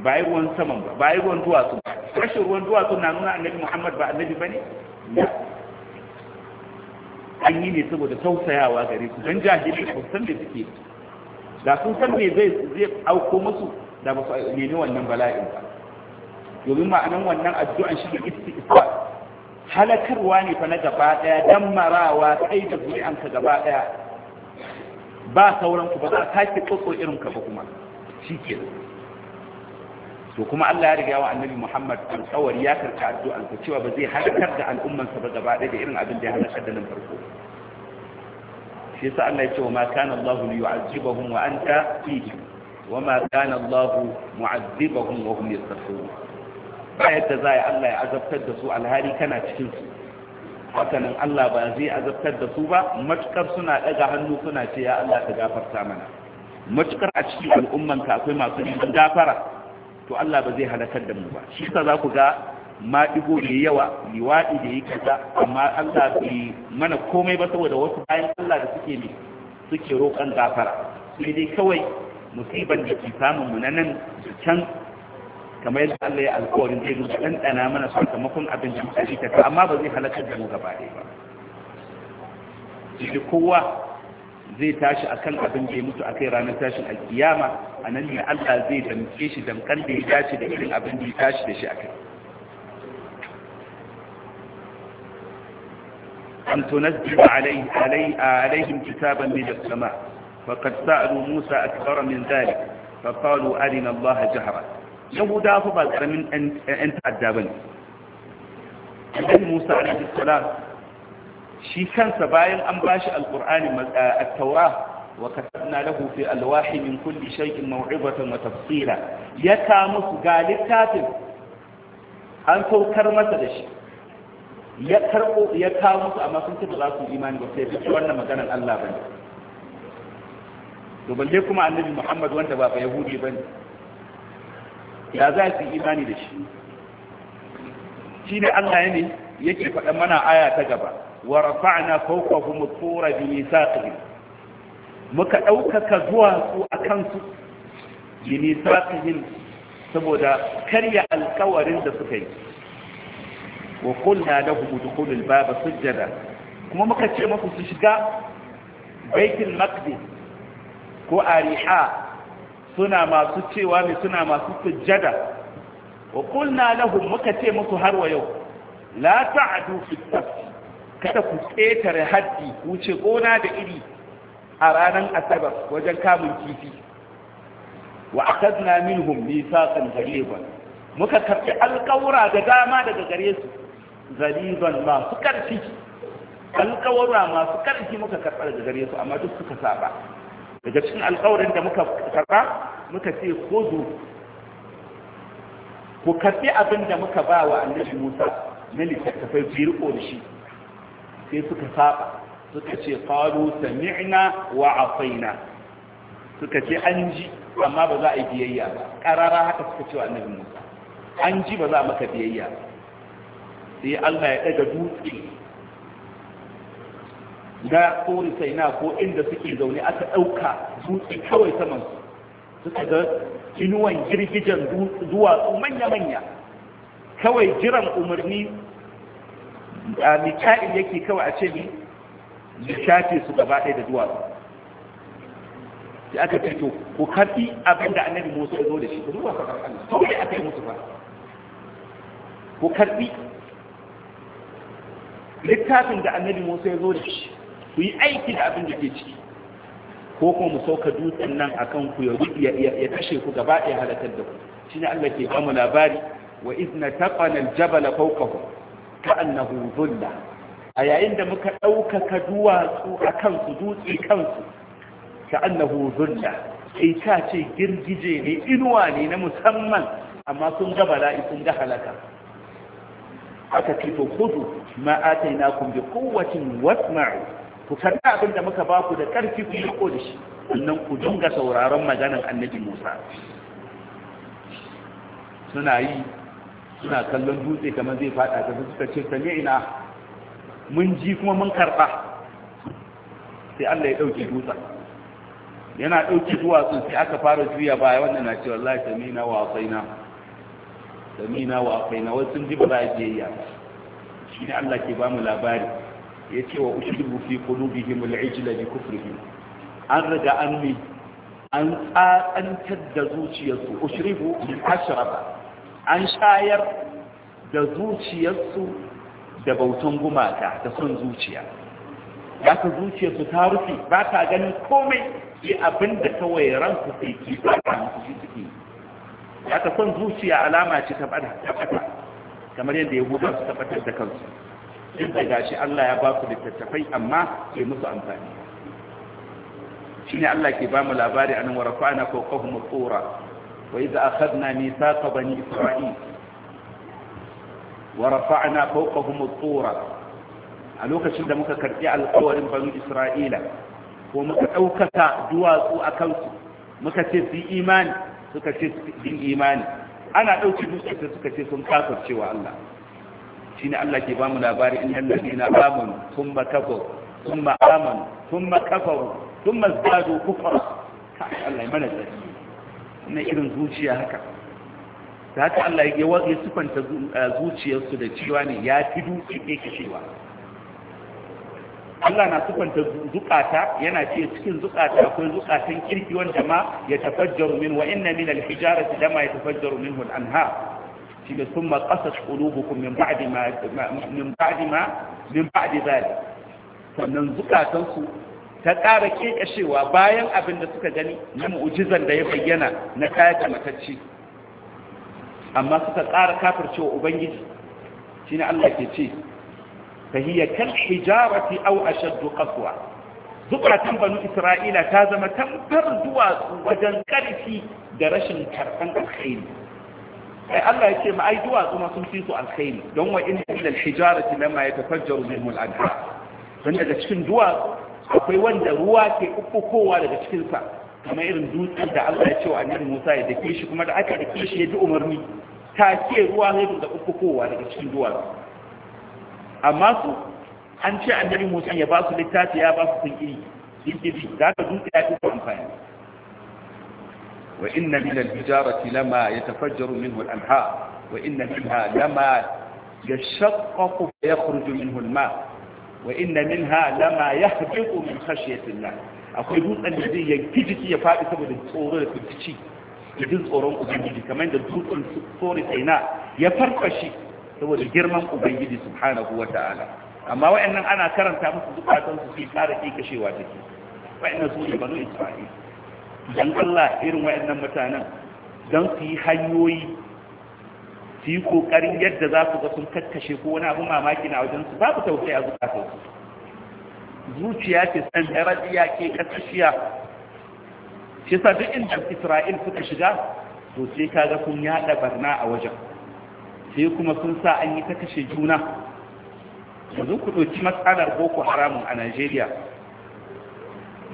Speaker 1: ba yi ruwan saman ba ba yi ruwan duwatsu rashin ruwan duwatsu na nuna annabi Muhammad ba annabi bane an yi ne saboda tausayawa gare su don jahili ba san da suke da sun san me zai zai auko musu da ba su nemi wannan bala'in ba domin ma'anan wannan addu'an shi ne istighfar halakarwa ne fa na gaba daya dan marawa kai da zuri'an ka gaba daya ba sauran ku ba za ka ki tsotso irin ka ba kuma shike to kuma Allah ya riga wa annabi Muhammad alƙawari ya karka addu'an ku cewa ba zai halakar da al'umman sa ba gaba daya da irin abin da ya halakar da nan farko shi yasa Allah ya ce wa ma kana Allah liyu'azzibahum wa anta fihi wa ma kana Allah mu'azzibahum wa hum yastaghfirun ba yadda zai Allah ya azabtar da su alhali kana cikin su hakanan Allah ba zai azabtar da su ba matukar suna daga hannu suna ce ya Allah ka gafarta mana matukar a cikin al'ummanka akwai masu gafara to Allah ba zai halakar da mu ba shi yasa za ku ga maɗigo da yawa liwaɗi da yi kaza amma Allah bai mana komai ba saboda wasu bayan Allah da suke ne suke roƙon gafara sai dai kawai musibar da ke samun mu nan can kamar yadda Allah ya alƙawarin zai rubuta ɗanɗana mana sakamakon abin da muka ta amma ba zai halakar da mu gaba ɗaya ba shi kowa zai tashi akan abin da ya mutu akai ranar tashin alkiyama a nan ne Allah zai damke shi damkan da ya tashi da irin abin da ya tashi da shi akai أن تنزل عليه علي عليهم كتابا من السماء فقد سألوا موسى أكثر من ذلك فقالوا أرنا الله جهرا يهودا فبال من أنت أدابني النبي موسى عليه السلام shi kansa bayan an bashi Alƙur'ani at-taura wa katabna lahu fi alwahi kulli shay'in maw'izatan wa tafsila ya ka musu ga littafin an saukar masa da shi ya karbo ya kawo musu amma sun ce ba za su imani ba sai duk wannan maganar Allah bane to balle kuma annabi Muhammad wanda ba yahudi bane ya za su imani da shi shi ne Allah ya ne yake faɗa mana aya ta gaba wa rafa'na fawqahum tura bi misaqihim muka ɗaukaka zuwa su akan su bi misaqihim saboda karya alkawarin da suka yi wa qulna lahum dukhulul baba sujjada kuma muka ce muku su shiga baitul maqdis ko ariha suna masu cewa ne suna masu sujjada wa na lahum muka ce musu har wa yau la ta'du fi tafsir kada ku ƙetare haddi wuce gona da iri a ranar asabar wajen kamun kifi wa akadna minhum mithaqan ghaliban muka karɓi alƙawura da dama daga gare su zalizan masu ƙarfi alƙawarwa masu ƙarfi muka karɓar da gare su amma duk suka saba daga cikin alƙawarin da muka karɓa muka ce ko zo ku karɓi abin da muka ba wa annabi musa na littattafai biyu ko da shi sai suka saba suka ce faru sami'na wa afaina suka ce an ji amma ba za a yi biyayya ba ƙarara haka suka ce wa annabi musa an ji ba za a maka biyayya ba sai Allah ya daga dutse na kori sai na ko inda suke zaune aka ɗauka dutse kawai saman su suka ga inuwan girgijen duwatsu manya-manya kawai jiran umarni a mika'il yake kawai a ce ni da shafe su gaba ɗaya da duwatsu sai aka ce to ku kafi abin da annabi Musa ya zo da shi ku duba ka karɓa to me aka yi musu ba ku karɓi littafin da annabi Musa ya zo da shi ku yi aiki da abin da ke ciki ko kuma mu sauka dutsen nan akan ku ya ya kashe ku gaba ɗaya halakar da ku shine Allah ke ba mu labari wa izna taqana al-jabala fawqahu annahu dhulla a yayin da muka ɗaukaka duwatsu a kansu dutse kansu annahu dhulla sai ta ce girgije ne inuwa ne na musamman amma sun ga bala'i sun ga halaka aka ce to khudu ma atainakum bi quwwatin wasma'u ku karɓi abin da muka ba ku da ƙarfi ku yi ko da shi annan ku dinga sauraron maganar annabi Musa suna yi suna kallon dutse kamar zai fada ta suka ce sami ina mun ji kuma mun karɓa sai Allah ya ɗauki dutsen yana ɗauke sun sai aka fara juya baya wannan na ce wallahi sami na wasai na samina wa afaina wasu sun ji ba za a je iya shi ne Allah ke ba mu labari ya ce wa ushibu fi qulubihim al-ijla bi kufrihim an riga an mi an tsakantar da zuciyarsu ushribu min ashraba an shayar da zuciyarsu da bautan gumaka da son zuciya ya ka zuciyarsu ta rufe ba ta ganin komai sai abin da kawai sai ki ba ta musu suke haka son zuciya alama ce ta bada tabbata kamar yadda ya yahuda su tabbatar da kansu duk da gashi Allah ya ba su littattafai amma bai musu amfani shine Allah ke ba mu labari anan warafana ko qahum tsura wa idza akhadna mithaqa bani isra'il wa rafa'na fawqahum tsura a lokacin da muka karɓi alƙawarin bani isra'ila ko muka ɗaukata duwatsu a kansu muka ce su imani suka ce din imani ana ɗauki dukkan suka ce sun cewa Allah Shi ne Allah ke bamu labari innal ladina amanu thumma kafaru thumma amanu thumma kafaru thumma zadu kufra Allah ya mana tsari na irin zuciya haka da haka Allah ya sifanta eh, zuciyarsu da cewa ne ya fi dutse ke cewa Allah na sufanta zukata yana ce cikin zukata akwai zukatan kirki wanda ma ya tafajjaru min wa inna min al-hijarati dama ya tafajjaru minhu al-anhar shi thumma qasat qulubukum min ba'di ma min ba'di ma min ba'di zalik sannan zukatan su ta ƙara kekashewa bayan abin da suka gani na mu'jizan da ya bayyana na kayata matacci amma suka ƙara kafircewa ubangiji shine Allah ke ce فهي كالحجارة أو أشد قسوة زبرة بنو إسرائيل تازم تنفر دواس وجنكرتي درش كرفان الخيل الله يقول ما أي دواس وما تنفيس الخيل دون وإن إلا الحجارة لما يتفجر منه الأنهار فإن إذا تشكن دواس akwai wanda ruwa ke kowa daga cikinsa kamar irin dutsen da Allah ya ce wa annabi Musa ya dake shi kuma da aka dake shi ya ji umarni ta ce ruwa ne da kowa daga cikin duwatsu amma su an ce annabi musa ya ba su littafi ya ba su sun iri sun za ka dutse ya fi amfani wa inna min al-hijarati lama yatafajjaru min al-anhar wa inna minha lama yashaqqaqu fa yakhruju minhu al-ma' wa inna minha lama yahbitu min khashyati Allah akwai dutsen da zai yanki jiki ya faɗi saboda tsoro da firgici da jin tsoron ubangiji kamar da dutsen tsori tsaina ya farfashe saboda girman ubangiji subhanahu wata'ala amma wayannan ana karanta musu zukatan su sai fara kikashewa take wayannan su ne banu Isra'il? dan Allah irin wayannan mutanen dan su yi hanyoyi su yi kokarin yadda za su ga sun kakkashe ko wani abu mamaki na wajen su babu tausayi a zukatan su zuciya ce san yaradiya ke kakkashiya shi sa duk inda Isra'il suka shiga to sai kaga kun yada barna a wajen sai kuma sun sa an yi ta kashe juna yanzu ku ɗauki matsalar boko haramun a najeriya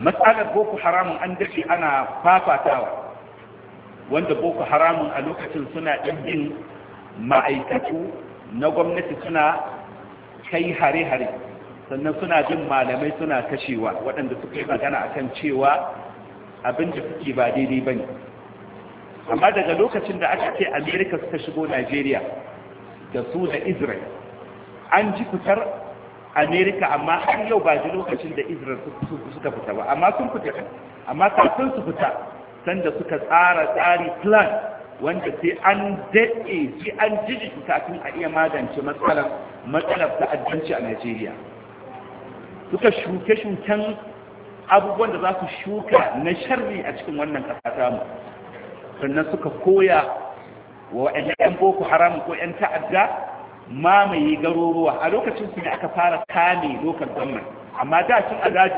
Speaker 1: matsalar boko haramun an dace ana fafatawa wanda boko haramun a lokacin suna ɗin ma'aikatu na gwamnati suna kai hare-hare sannan suna jin malamai suna kashewa waɗanda suka yi magana akan cewa abin da suke ba daidai ba ne amma daga lokacin da aka ce amerika suka shigo najeriya da su da israel an ji fitar amerika amma har yau ba ji lokacin da israel suka fita ba amma sun fita amma kafin su fita sanda suka tsara tsari plan wanda sai an daɗe sai an jiji kafin a iya magance matsalar matsalar ta'addanci a najeriya suka shuke-shuken abubuwan da za su shuka na sharri a cikin wannan ƙasa mu sannan suka koya wa waɗanda 'yan boko haram ko 'yan ta'adda mamaye garuruwa a lokacin su ne aka fara kame lokacin gwamnan amma da sun a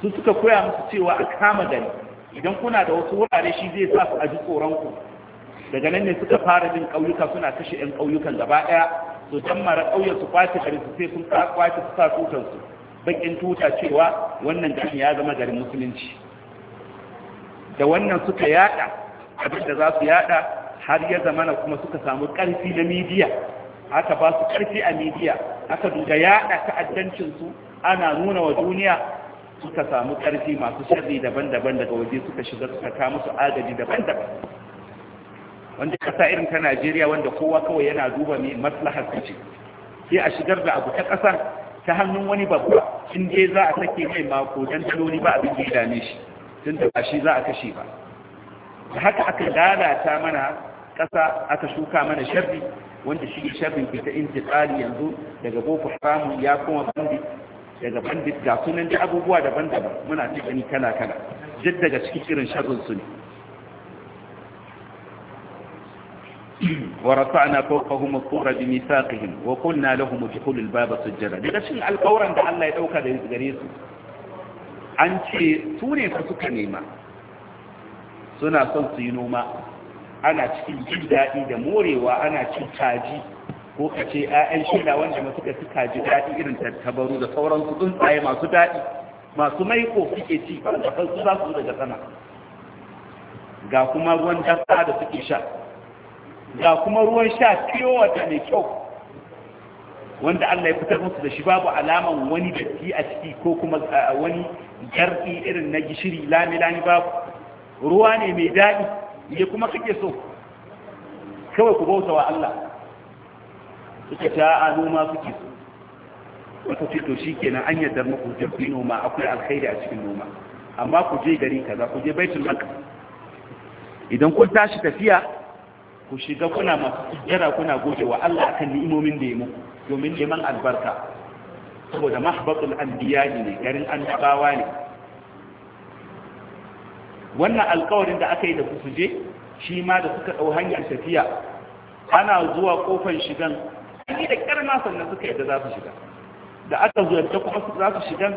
Speaker 1: su suka koya musu cewa a kama gari idan kuna da wasu wurare shi zai sa su aji tsoronku daga nan ne suka fara bin ƙauyuka suna kashe 'yan ƙauyukan gaba ɗaya su mara ƙauyen su kwace gari su sai sun kwace su sa tutansu baƙin tuta cewa wannan gari ya zama garin musulunci da wannan suka yada abin da za su yada har ya zama na kuma suka samu karfi na midiya aka ba su ƙarfi a midiya aka duda yaɗa ta'addancinsu ana nuna wa duniya suka samu ƙarfi masu sharri daban-daban daga waje suka shiga suka ta musu agaji daban-daban wanda ƙasa irin ta najeriya wanda kowa kawai yana duba mai maslahar ce sai a shigar da abu ta kasa ta hannun wani babba in dai za a sake mai mako don taloli ba abin da ya dame shi tun da ba shi za a kashe ba da haka aka lalata mana ƙasa aka shuka mana sharri wanda shi ne sharrin fita intiqali yanzu daga boko haram ya kuma bandit daga bandit ga sunan da abubuwa daban-daban muna ta gani kala-kala duk daga cikin irin sharrin su ne ورفعنا فوقهم الطور بميثاقهم وقلنا لهم ادخلوا الباب سجدا daga cikin alƙawran da Allah ya dauka da gare su an ce su ne fa suka nema suna son su yi noma ana cikin jin daɗi da morewa ana cin kaji ko ka ce 'ya'yan shida wanda ma suka ji daɗi irin tattabaru da sauran su tsuntsaye masu daɗi masu maiko suke ci da su za su daga sama ga kuma ruwan dasa da suke sha ga kuma ruwan sha fiye wata mai kyau wanda Allah ya fitar musu da shi babu alaman wani datti a ciki ko kuma wani jarki irin na gishiri lami lami babu ruwa ne mai daɗi ne kuma kake so kawai ku bauta wa Allah suka ta anu ma suke so wata fito shi ke nan an yadda muku jirgi noma akwai alkhairi a cikin noma amma ku je gari kaza ku je baitul maka idan kun tashi tafiya ku shiga kuna masu jira kuna goge wa Allah akan ni'imomin da ya muku domin neman albarka saboda mahbatul anbiya ne garin annabawa ne wannan alƙawarin da aka yi da su je shi ma da suka ɗau hanyar tafiya ana zuwa ƙofar shigan ni da ƙarna sannan suka yadda za su shiga da aka zuyarta kuma za su shigan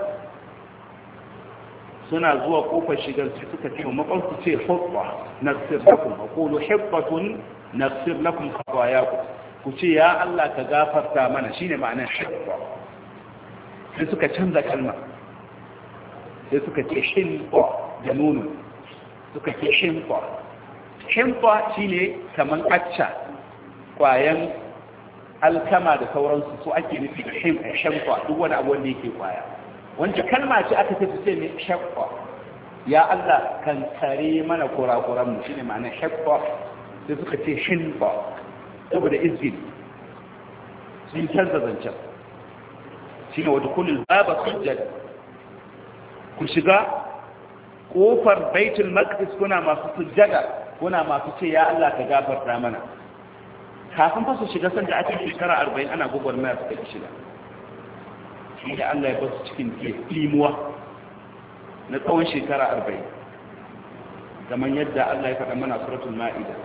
Speaker 1: suna zuwa ƙofar shigan sai suka ce makon su ce hutsa nasir lakum aqulu hibbatun nasir lakum khatayakum ku ce ya Allah ka gafarta mana shine ma'anar hibba sai suka canza kalma sai suka ce shimfa da nuna suka ce shimfa shimfa shi ne kamar kacca kwayan alkama da sauransu su ake nufi da shimfa duk wani abu da yake kwaya wancan kalma ce aka tafi sai ne shimfa ya Allah kan tare mana kurakuranmu mu ne ma'ana shimfa sai suka ce shimfa saboda izgin sun canza zancen shine wa dukhulul baba sujjada ku shiga kofar baitul maqdis kuna masu sujjada kuna masu ce ya Allah ka gafarta mana kafin fa su shiga san da ake shekara arba'in ana gobar maya su kai shiga shi da Allah ya basu cikin ke limuwa na tsawon shekara arba'in kamar yadda Allah ya faɗa mana suratul ma'ida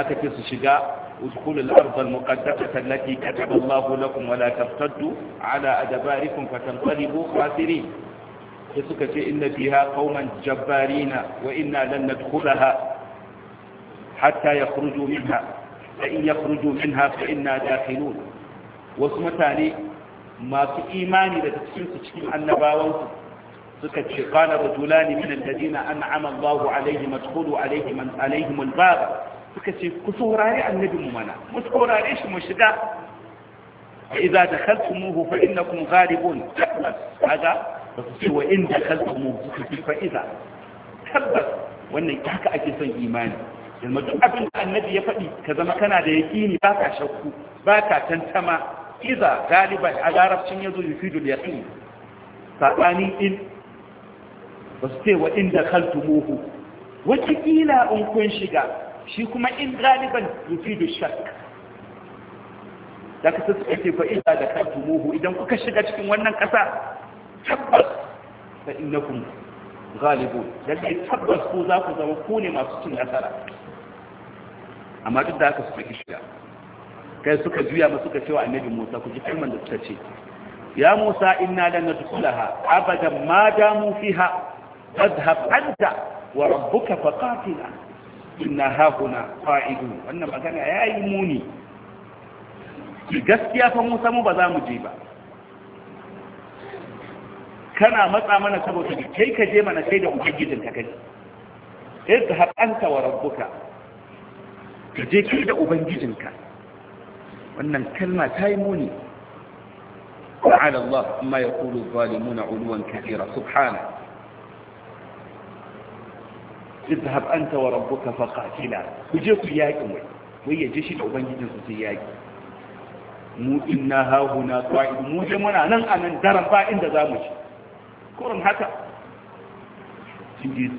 Speaker 1: aka ce su shiga ادخلوا الأرض المقدسة التي كتب الله لكم ولا ترتدوا على أدباركم فتنقلبوا خاسرين فسك إن فيها قوما جبارين وإنا لن ندخلها حتى يخرجوا منها فإن يخرجوا منها فإنا داخلون وسمتاني ما في إيماني لتكسين تشكيم النباوة سكت قال رجلان من الذين أنعم الله عليهم ادخلوا عليهم, عليهم الباب suka ce ku saurari annabi mu mana mu saurare shi mu shiga A wa idza dakhaltumuhu fa innakum ghalibun tabbas kaga ba su ce wa in dakhaltumuhu mu ce fa idza tabbas wannan haka ake son imani yanzu duk abin da annabi ya faɗi ka zama kana da yaqini ba ka shakku ba ka tantama idza galiban a larabcin yazo yufidul yaqin sabani ɗin ba su ce wa in dakhaltumuhu wata kila in kun shiga shi kuma in galiban yufidu shakk da ka suka ce fa illa da kan tumuhu idan kuka shiga cikin wannan ƙasa tabbas ina fa innakum da lalle tabbas ko za ku zama ku ne masu cin nasara amma duk da haka suka ki kai suka juya ma suka cewa annabi Musa ku ji kalman da suka ce ya Musa inna lan nadkhulaha abadan ma damu fiha fadhhab anta wa rabbuka faqatila inna hahuna fa'idu wannan magana yayi muni gaskiya fa Musa mu ba za mu je ba kana matsa mana saboda kai ka je mana kai da ubangijin ka gani yadda haƙanta wa rabbuka ka je kai da ubangijinka wannan kalma ta yi muni ta'ala Allah amma ya kulu limuna uluwan kafira subhana idhab anta wa rabbuka faqatila ku je ku yaki mai wai shi da ubangijin su sai yaki mu inna hahuna qa'id mu je muna nan anan daren ba inda za mu ci kurin haka cikin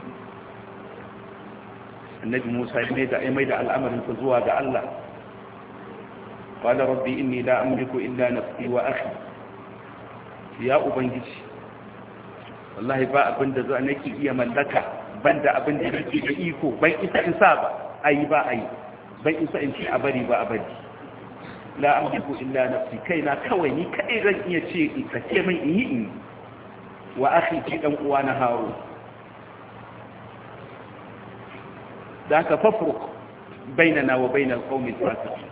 Speaker 1: annabi Musa ya mai da ya mai da al'amarin sa zuwa ga Allah qala rabbi inni la amliku illa nafsi wa akhi ya ubangiji wallahi ba abin da za nake iya mallaka ban da abin da yake da iko ban isa in sa ba yi ba a yi. ban isa in ce a bari ba a bari la amliku illa nafsi kaina kawai ni kadai zan iya ce in sake min in yi in wa akhi ki dan uwa na haro da ka fafruk bainana wa bainal qaumil fasiqin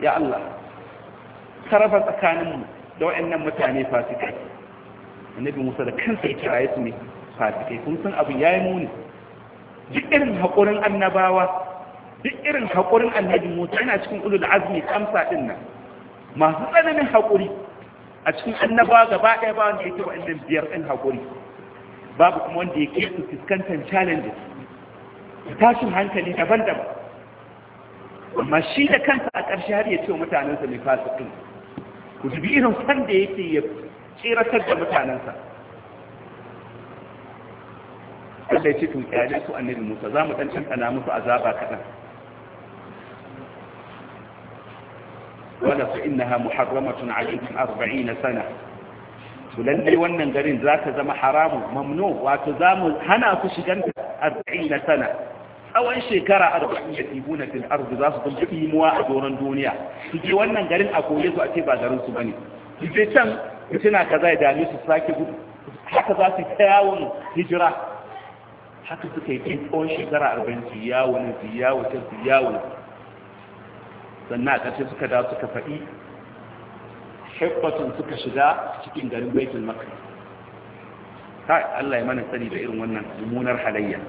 Speaker 1: ya Allah sarrafa tsakaninmu da waɗannan mutane fasikai annabi Musa da kansa ya kira su ne fasikai kun san abin yayi muni duk irin haƙurin annabawa duk irin haƙurin annabi mota yana cikin ulul azmi kamsa din nan masu tsananin haƙuri a cikin annabawa gaba ɗaya ba wanda yake nan biyar ɗin haƙuri babu kuma wanda yake su fuskantar challenges tashin hankali daban-daban amma shi da kansa a ƙarshe har ya ce wa mutanensa mai fasikin ku dubi irin sanda yake ya tsiratar da mutanensa Allah ya ce to kyale su annabi Musa za mu dan tantana musu azaba kadan wala fa innaha muharramatun alaykum 40 sana to lalle wannan garin za ta zama haramun mamnu wato za mu hana ku shigan 40 sana tsawon shekara arba'in ya tibu na fil arzu za su zama imuwa a doron duniya su je wannan garin a koye su a ce ba garin su bane su je can suna kaza ya dame su sake gudu haka za su ta yawon hijira haka suka yi tsawon shekara arba'in su yawo ne su yawo ta su yawo sannan a ƙarshe suka dawo suka faɗi haifatun suka shiga cikin garin baitul makar kai Allah ya mana sani da irin wannan mummunar halayya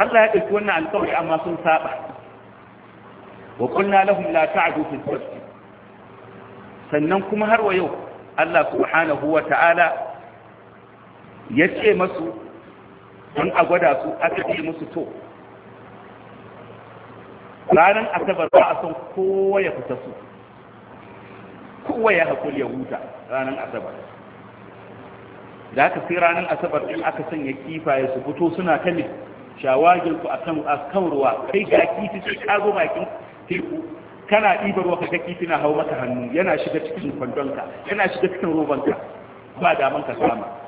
Speaker 1: Allah ya ɗauki wannan alƙawari amma sun saba wa qulna lahum la ta'du fi sannan kuma har wa yau Allah subhanahu wa ta'ala ya ce masu don a gwada su aka ce musu to ranar asabar ba a son kowa ya fita su kowa ya haƙuri ya huta ranar asabar da aka sai ranar asabar ɗin aka sanya kifaye su fito suna ta ne shawaginku a kan ruwa kai ga kifi sai ka zo bakin teku kana ɗibar wa kaga kifi na hau maka hannu yana shiga cikin kwandonka yana shiga cikin robanka ba damanka ka sama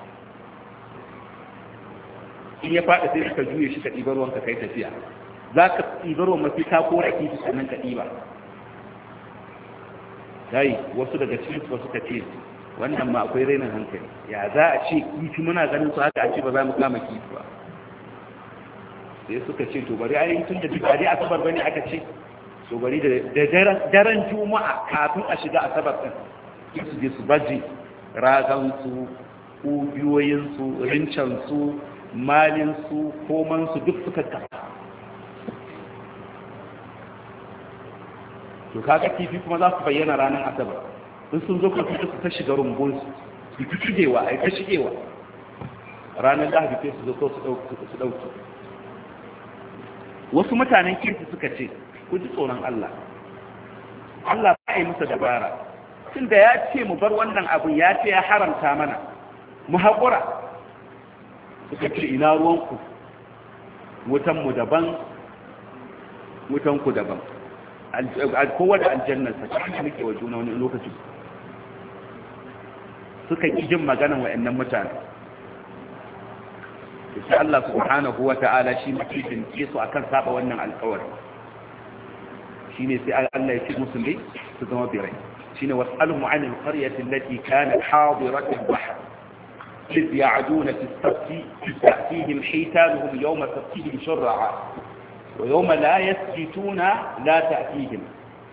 Speaker 1: in ya faɗa sai ka juye shi ka ɗibar ruwan ka kai tafiya za ka ɗibar ruwan mafi ta ko raki su sannan ka ɗiba dai wasu daga cikin su suka ce wannan ma akwai rainin hankali ya za a ce kifi muna ganin su haka a ce ba za mu kama kifi ba sai suka ce to bari ayi tun da duk a dai asabar bane aka ce to bari da daren juma'a kafin a shiga asabar din su je su baje ragansu ƙubiyoyinsu rincansu malinsu komansu duk suka kasa to kaga kifi kuma za su bayyana ranar asabar in sun zo kuma su ta shiga rumbunsu su su shigewa ai ta shigewa ranar lahadi sai su zo su dauki wasu mutanen kirki suka ce ku ji tsoron Allah Allah ba yi masa dabara tun da ya ce mu bar wannan abu ya ce ya haramta mana mu haƙura suka ce ina ruwanku wutanmu daban wutanku daban kowa da aljannarsa cikin muke wa juna wani lokaci suka ƙi jin maganan wa'annan mutane sai Allah subhanahu wa ta'ala shi mutum ke su akan saba wannan alƙawari ne sai Allah ya ce musu ne su zama birai Shi ne shine wasalhu anil qaryati allati kanat hadiratu al-bahr إذ يعدون في السبت تأتيهم حيتانهم يوم تأتيهم شرعا ويوم لا يسبتون لا تأتيهم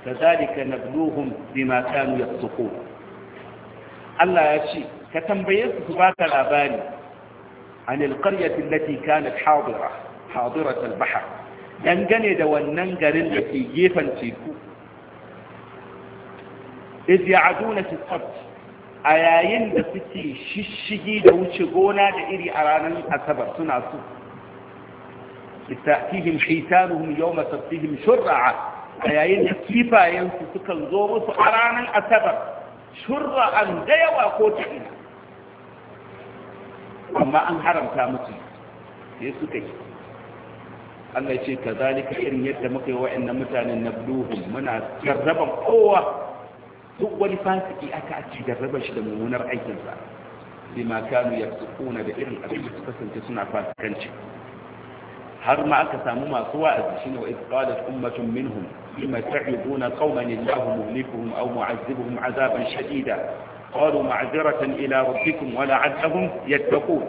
Speaker 1: كذلك نبلوهم بما كانوا يفسقون الله يشي كتنبيت ثبات الأباني عن القرية التي كانت حاضرة حاضرة البحر dangane da التي جيفا da إذ يعدون في السبت a yayin da suke shishigi da wuce gona da iri a ranar asabar suna su istatihim shaitanuhum yawma tasbihim shur'a a yayin da kifayensu sukan zo musu a ranar asabar shur'an da yawa ko ta ina amma an haramta musu sai suka yi Allah ya ce kazalika irin yadda muka yi wa'annan mutanen nabluhum muna jarraban kowa duk wani fasiki aka aci jarraba shi da mummunar aikinsa bima kanu yafsukuna da irin abin da suka kasance suna fasikanci har ma aka samu masu wa'azi shine wa idh qalat ummatun minhum lima ta'ibuna qauman illahu muhlikuhum aw mu'azzibuhum 'adaban shadida qalu ma'ziratan ila rabbikum wa la'allahum yattaqun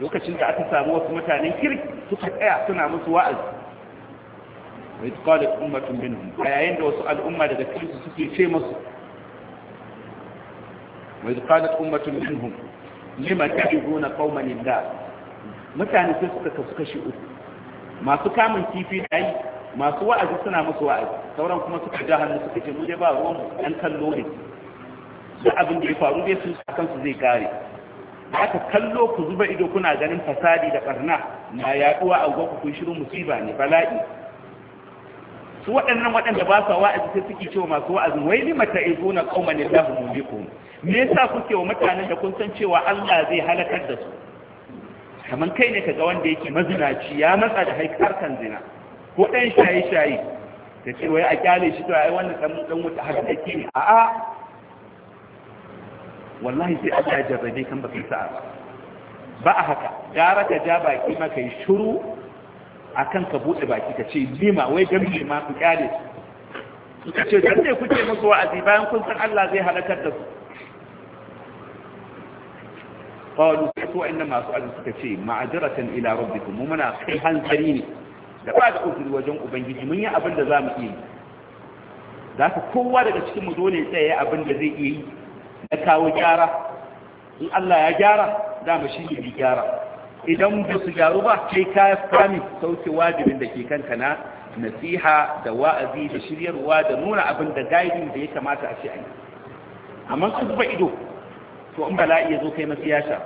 Speaker 1: lokacin da aka samu wasu mutanen kirki suka tsaya suna musu wa'azi wa idh qalat ummatun minhum ayayin da wasu al'umma daga cikin su suke ce musu wa idh qalat ummatun minhum lima ta'ibuna qauman lillah mutane sai suka kasu kashi uku masu kamun kifi da masu wa'azi suna musu wa'azi sauran kuma suka ja hannu suka ce mu ba ruwan an kallo ne duk abin da ya faru dai su kansu zai kare da aka kallo ku zuba ido kuna ganin fasadi da barna na yaduwa a gwakwa kun shirin musiba ne bala'i su waɗannan waɗanda ba sa wa'azi sai suke cewa masu wa'azi, wai ni lima ta'izuna qauman illahu mulikum me yasa kuke wa mutanen da kun san cewa Allah zai halakar da su kaman kai ne kaga wanda yake mazinaci ya matsa da harkan zina ko ɗan shaye-shaye ta ce wai a kyale shi to ai wannan dan dan wuta har da ke a'a wallahi sai Allah ya jarrabe kan baka sa'a ba ba a haka gara ka ja baki maka yi shiru akan ka buɗe baki ka ce lima wai gamshe ma ku kyale su ka ce dan ne kuke musu wa'azi bayan kun san Allah zai halakar da su qalu su inna masu su'alu suka ce ma'ajiratan ila rabbikum mu muna kai hanzari ne da ba da uzuri wajen ubangiji mun yi abin da mu iya za ka kowa daga cikin mu dole tsaye abin da zai iya yi na kawo gyara in Allah ya gyara dama shi ne bi gyara idan ba su gyaru ba kai ka sami sauke wajibin da ke kanka nasiha da wa'azi da shiryarwa da nuna abin da gaidin da ya kamata a ce a yi amma ka zuba ido to in bala'i ya zo kai masu yasha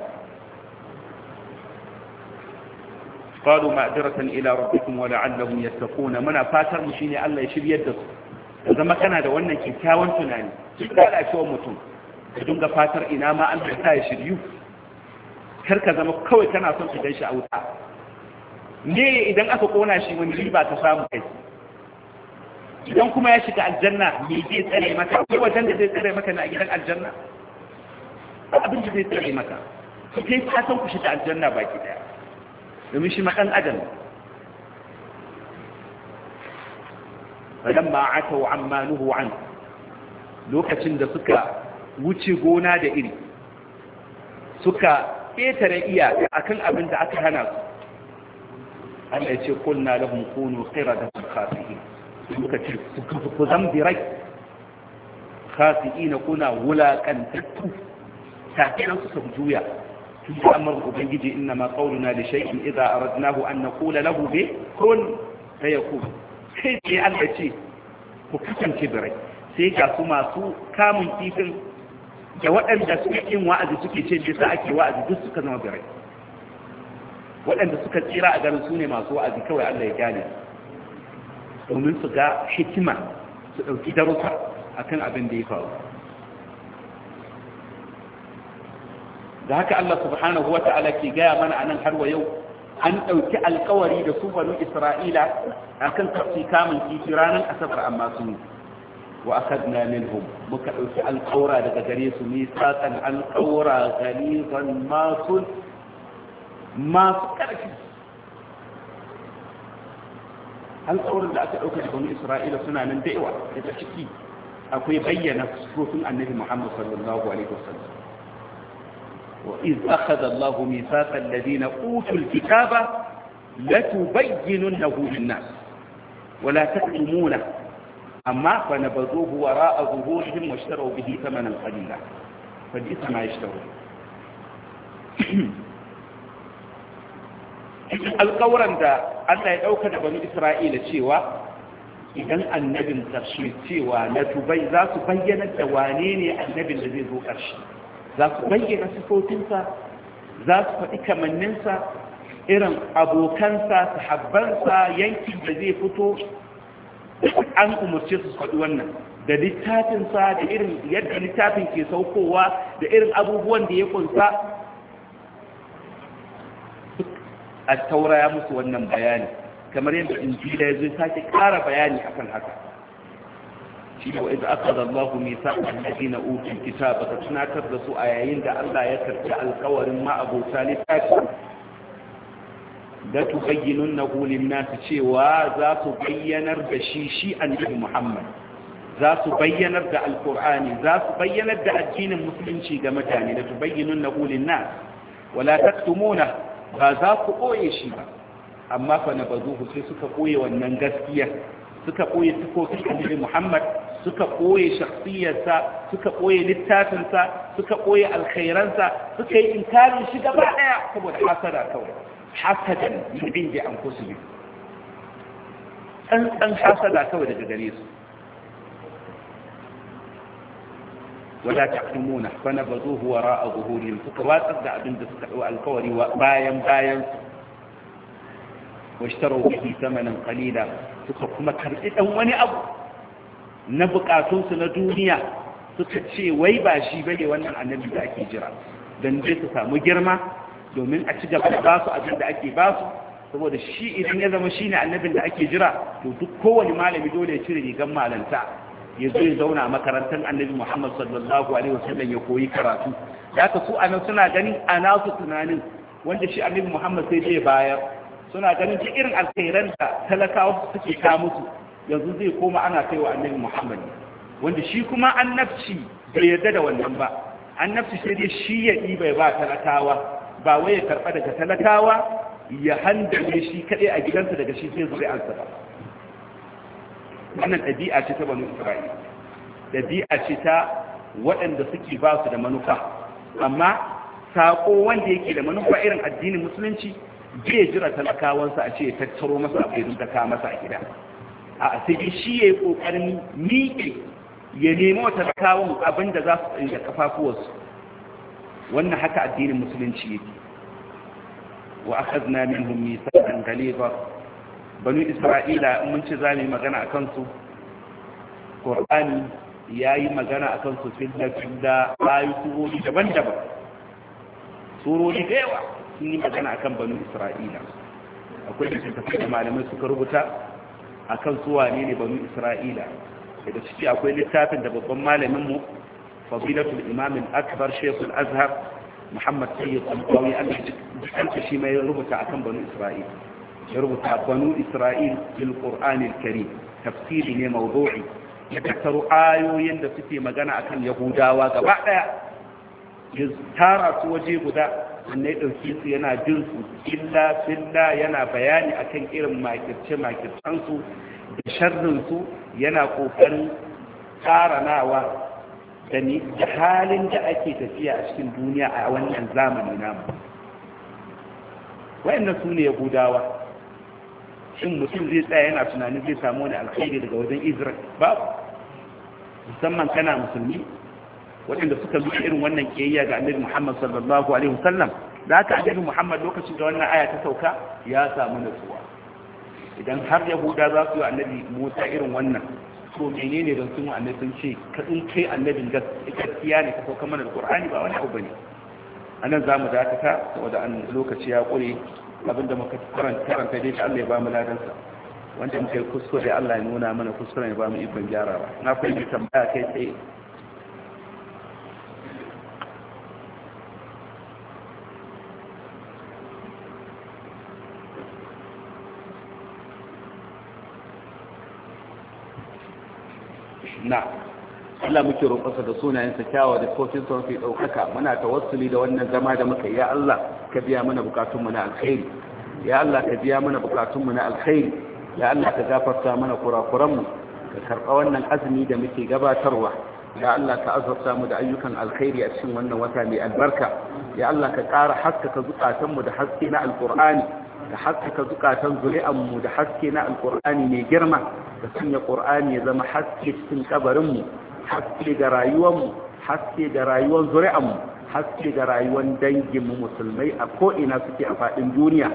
Speaker 1: qalu ma'diratan ila rabbikum wa la'allahum yattaquna muna fatar mu shine Allah ya shiryar da su zama kana da wannan kyakkyawan tunani duk da mutum ka dinga fatar ina ma an ya shiryu kar ka zama kawai kana son ka gan shi a wuta ne idan aka kona shi wani riba ta samu kai idan kuma ya shiga aljanna me zai tsare maka Ko wajen da zai tsare maka na gidan aljanna abin da zai tsare maka su kai ka san ku shiga aljanna baki daya domin shi makan adam falamma ba amma nuhu an lokacin da suka wuce gona da iri suka ƙetare iyaka akan abin da aka hana su Allah ya ce kulna lahum kunu qiradatan khasi'in muka ce rai. zambirai na kuna wulaƙantattu. takinan su sun juya tun da amar ubangiji inna ma qauluna li shay'in idza aradnahu an naqula lahu bi kun sayakun sai ce Allah ce ku kasance birai sai ga su masu kamun kifin da waɗanda suke yin wa'azi suke ce bisa ake wa'azi duk suka zama birai waɗanda suka tsira a garin su ne masu wa'azi kawai Allah ya gane domin su ga hikima su ɗauki darussa akan abin da ya faru da haka Allah subhanahu wa ta'ala ke gaya mana a nan har wa yau an ɗauki alkawari da su banu Isra'ila akan kafi kamun kifi ranar asabar amma sun yi وأخذنا منهم مكأوك القورة لتجريس ميثاقا القورة غليظا ماصل ماصل كركز القورة لأتأوك لبني إسرائيل سنة من دعوة لتشكي أكوي بيّن سفوت النبي محمد صلى الله عليه وسلم وإذ أخذ الله ميثاق الذين أوتوا الكتاب لتبيننه للناس ولا تكتمونه amma bana nabazuhu wara'a zuhurihim washtaru bihi thamanan qalila fa bi'sa ma yashtaru alƙawuran da Allah ya ɗauka da bani Isra'ila cewa idan annabin ƙarshe cewa na tubai za su bayyana da wane ne annabin da zai zo ƙarshe za su bayyana sifofinsa za su faɗi kamanninsa irin abokansa sahabbansa yankin da zai fito an umarce su faɗi wannan da littafinsa da irin yadda littafin ke saukowa da irin abubuwan da ya kunsa a taura ya musu wannan bayani kamar yadda injila ya zo sake ƙara bayani akan haka shi wa iza akhadha Allahu na alladhina utul kitaba ka tunatar da su a yayin da Allah ya karɓi alƙawarin ma'abota littafi da tubayyinun na nasu cewa za su bayyanar da shi shi annabi Muhammad za su bayyanar da alkur'ani za su bayyanar da addinin musulunci ga mutane da tubayyinun na hulun nasu wala ba za ku koye shi ba amma fa na bazuhu sai suka koye wannan gaskiya suka koye sifofin annabi Muhammad suka ɓoye shakhsiyarsa suka ɓoye littafinsa suka ɓoye alkhairansa suka yi inkarin shi gaba ɗaya saboda hasada kawai hasadan min indi anfusihim an an hasada kawai daga gare su ta fi
Speaker 2: wala taqtumuna
Speaker 1: fa nabaduhu a zuhurihim suka watsar da abin da suka ɗau alkawari bayan bayan washtaru bihi thamanan qalila suka kuma karɓi ɗan wani abu na bukatunsu na duniya suka ce wai ba shi bane wannan annabi da ake jira don dai su samu girma domin a ci gaba da basu abin da ake basu saboda shi idan ya zama shine annabin da ake jira to duk kowane malami dole ya cire rigar malanta ya zo ya zauna a makarantar annabi Muhammad sallallahu alaihi wasallam ya koyi karatu da ka su anan suna ganin ana su tunanin wanda shi annabi Muhammad sai zai bayar suna ganin duk irin alkhairan da talakawa suke ta musu yanzu zai koma ana wa annabi Muhammad wanda shi kuma annabci bai yarda da wannan ba annabci sai dai shi ya ɗiba ya ba talakawa ba wai ya karɓa daga talakawa ya handame shi kaɗai a gidansa daga shi sai zuri'arsa ba wannan ɗabi'a ce ta banu isra'i ɗabi'a ce ta waɗanda suke ba su da manufa amma saƙo wanda yake da manufa irin addinin musulunci zai jira talakawansa a ce ya tattaro masa abu don ta masa a gida a sai shi ya yi ƙoƙarin miƙe ya nemo talakawan abin da za su tsaye da kafafuwarsu wannan haka addinin musulunci yake wa akhadna minhum mithaqan ghaliza banu isra'ila mun ci zamu magana akan su qur'ani yayi magana akan su fidda fidda ayatu daban-daban surori da yawa sun yi magana akan banu isra'ila akwai da suka da malamai suka rubuta akan su wane ne banu isra'ila daga ciki akwai littafin da babban malamin mu fadilatul imam akbar shaykh azhar muhammad sayyid al-qawi an shi shi mai rubuta banu isra'il ya rubuta banu isra'il bil qur'an al-karim tafsiri ne mawdu'i ya ayoyin da suke magana a kan yahudawa gaba ɗaya. ya tara waje guda wanda ya ɗauki su yana jin su illa filla yana bayani akan irin makirce makircen su da sharrin su yana ƙoƙarin tsaranawa da halin da ake tafiya a cikin duniya a wannan zamani namu wayannan su ne yahudawa shin mutum zai tsaya yana tunanin zai samu wani alkhairi daga wajen israel ba musamman kana musulmi waɗanda suka bi irin wannan kiyayya ga annabi muhammad sallallahu alaihi wasallam da haka annabi muhammad lokacin da wannan aya ta sauka ya samu nutsuwa idan har yahuda za su yi annabi musa irin wannan to menene don sun annabi sun ce ka in kai annabin gaskiya ne ka sauka mana da qur'ani ba wani abu ne bane anan zamu dakata saboda an lokaci ya kure abinda muka karanta karanta dai Allah ya ba mu ladansa wanda muka yi kuskure Allah ya nuna mana kuskure ya ba mu gyara ba na kuma tambaya kai tsaye na Allah muke roƙarsa da sunayensa kyawa da kofin sa mafi ɗaukaka muna tawassuli da wannan zama da muka ya Allah ka biya mana bukatunmu na alkhairi ya Allah ka biya mana bukatunmu na alkhairi ya Allah ka gafarta mana kurakuranmu ka karɓa wannan azumi da muke gabatarwa ya Allah ka azabta mu da ayyukan alkhairi a cikin wannan wata mai albarka ya Allah ka ƙara haskaka zukatanmu da haske na alkur'ani da haskaka zukatan zuri'anmu da haske na alkur'ani mai girma da sanya ƙur'ani ya zama haske cikin kabarinmu haske ga rayuwanmu, haske ga rayuwar zuri'anmu haske ga rayuwan danginmu musulmai a ko'ina suke a faɗin duniya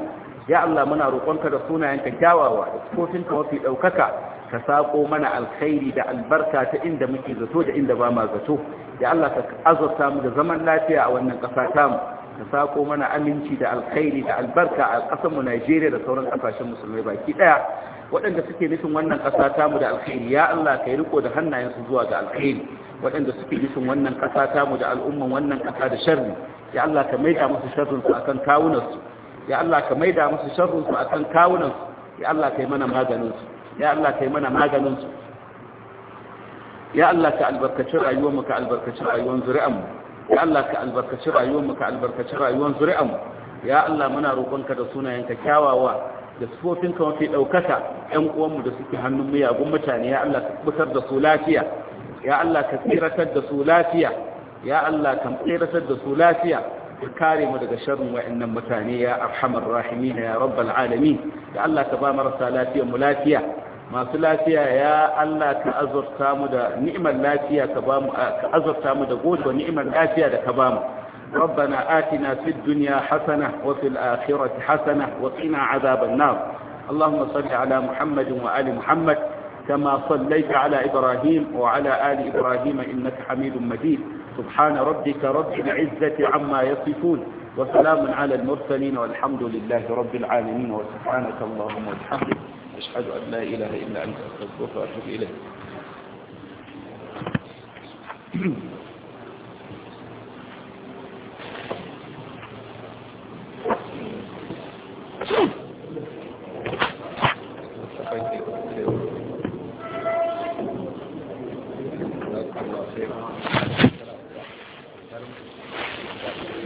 Speaker 1: ya Allah muna roƙonka da sunayen kyawawa da ka mafi ɗaukaka ka saƙo mana alkhairi da albarka ta inda muke zato da inda ba ma zato ya Allah ka azurta mu da zaman lafiya a wannan ƙasa tamu ka sako mana aminci da alkhairi da albarka a ƙasarmu Najeriya da sauran ƙasashen musulmai baki ɗaya waɗanda suke nufin wannan ƙasa tamu da alkhairi ya Allah ka yi riko da hannayensu zuwa ga alkhairi waɗanda suke nufin wannan ƙasa tamu da al'umman wannan ƙasa da sharri ya Allah ka maida musu sharrinsu akan kawunansu ya Allah ka maida musu sharrinsu akan kawunansu ya Allah ka yi mana maganinsu ya Allah ka yi mana maganinsu ya Allah ka albarkaci rayuwarmu ka albarkaci rayuwar zuri'anmu ya Allah ka albarkaci rayuwarmu ka albarkaci rayuwar zuri'anmu ya Allah muna roƙonka da sunayenka kyawawa da ka mafi ɗaukaka ƴan uwanmu da suke hannun miyagun mutane ya Allah ka kubutar da su lafiya ya Allah ka tsiratar da su lafiya ya Allah ka tsiratar da su lafiya ka kare mu daga sharrin wa'annan mutane ya arhamar rahimin ya rabbal alamin ya Allah ka ba marasa lafiyar mu lafiya masu lafiya ya Allah ka azurta mu da ni'imar lafiya ka ba mu ka azurta mu da gode ni'imar lafiya da ka ba mu rabbana atina ربنا آتنا في الدنيا حسنة وفي الآخرة حسنة وقنا عذاب النار اللهم صل على محمد وآل محمد كما صليت على إبراهيم وعلى آل إبراهيم إنك حميد مجيد سبحان ربك رب العزة عما يصفون وسلام على المرسلين والحمد لله رب العالمين وسبحانك اللهم وبحمدك أشهد أن لا إله إلا أنت أستغفرك وأتوب إليك Thank (laughs) you.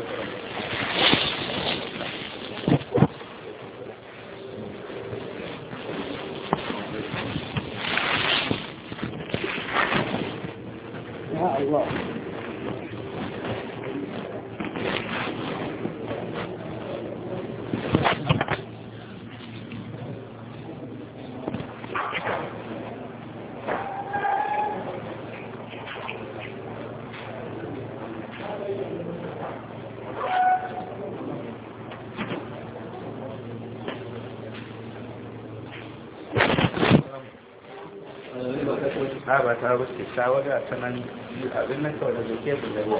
Speaker 1: sahaba ta wuce shawara ta nan abin nan kawai da zuke bularwa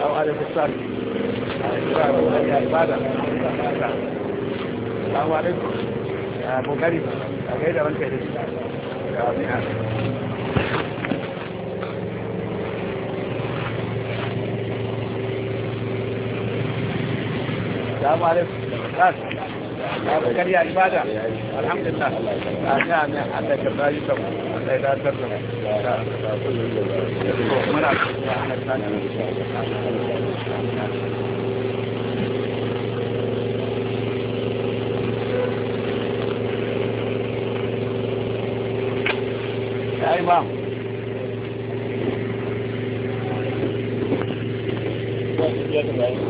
Speaker 1: أو على الإسلام العبادة السلام عليكم مغرب غير من كيدي السلام عليكم يا عبادة الحمد لله حتى يسوي حتى إذا يا إمام Thank you.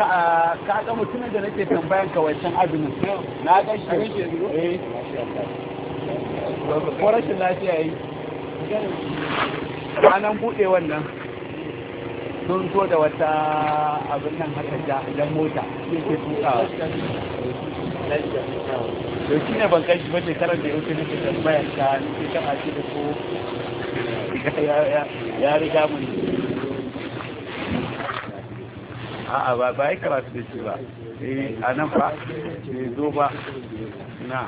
Speaker 1: ka ga mutumin da nake tambayan ka wancan azumin na ga shi eh ko rashin lafiya yi ranar bude wannan sun zo da wata abin nan haka jan mota shi ke tukawa da shi ne ban kashi ba shekarar da yau wuce nake tambayar ta nake kan ashe da ko ya riga mun a'a ba ba yi karatu da shi ba eh, a nan fa bai zo ba na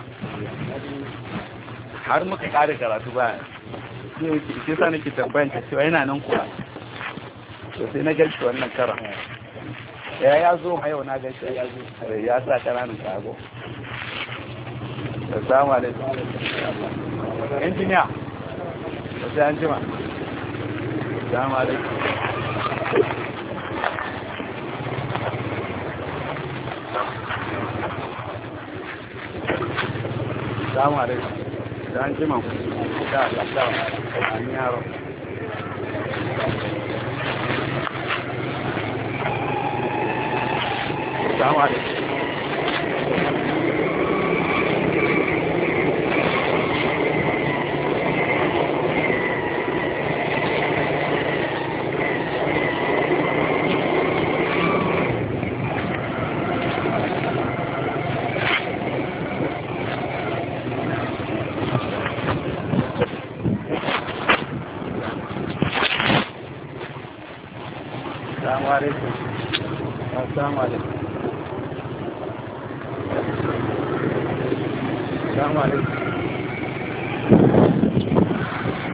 Speaker 1: har muka kare karatu ba ke sa nake tambayan ta cewa yana nan kuwa to sai na gashi wannan kara ya ya zo ma yau na gashi ya zo eh, ya sa kago assalamu alaikum injiniya wasu an jima assalamu alaikum salamu alaikum da an jima ku da alasa a yaro salamu alaikum
Speaker 2: السلام عليكم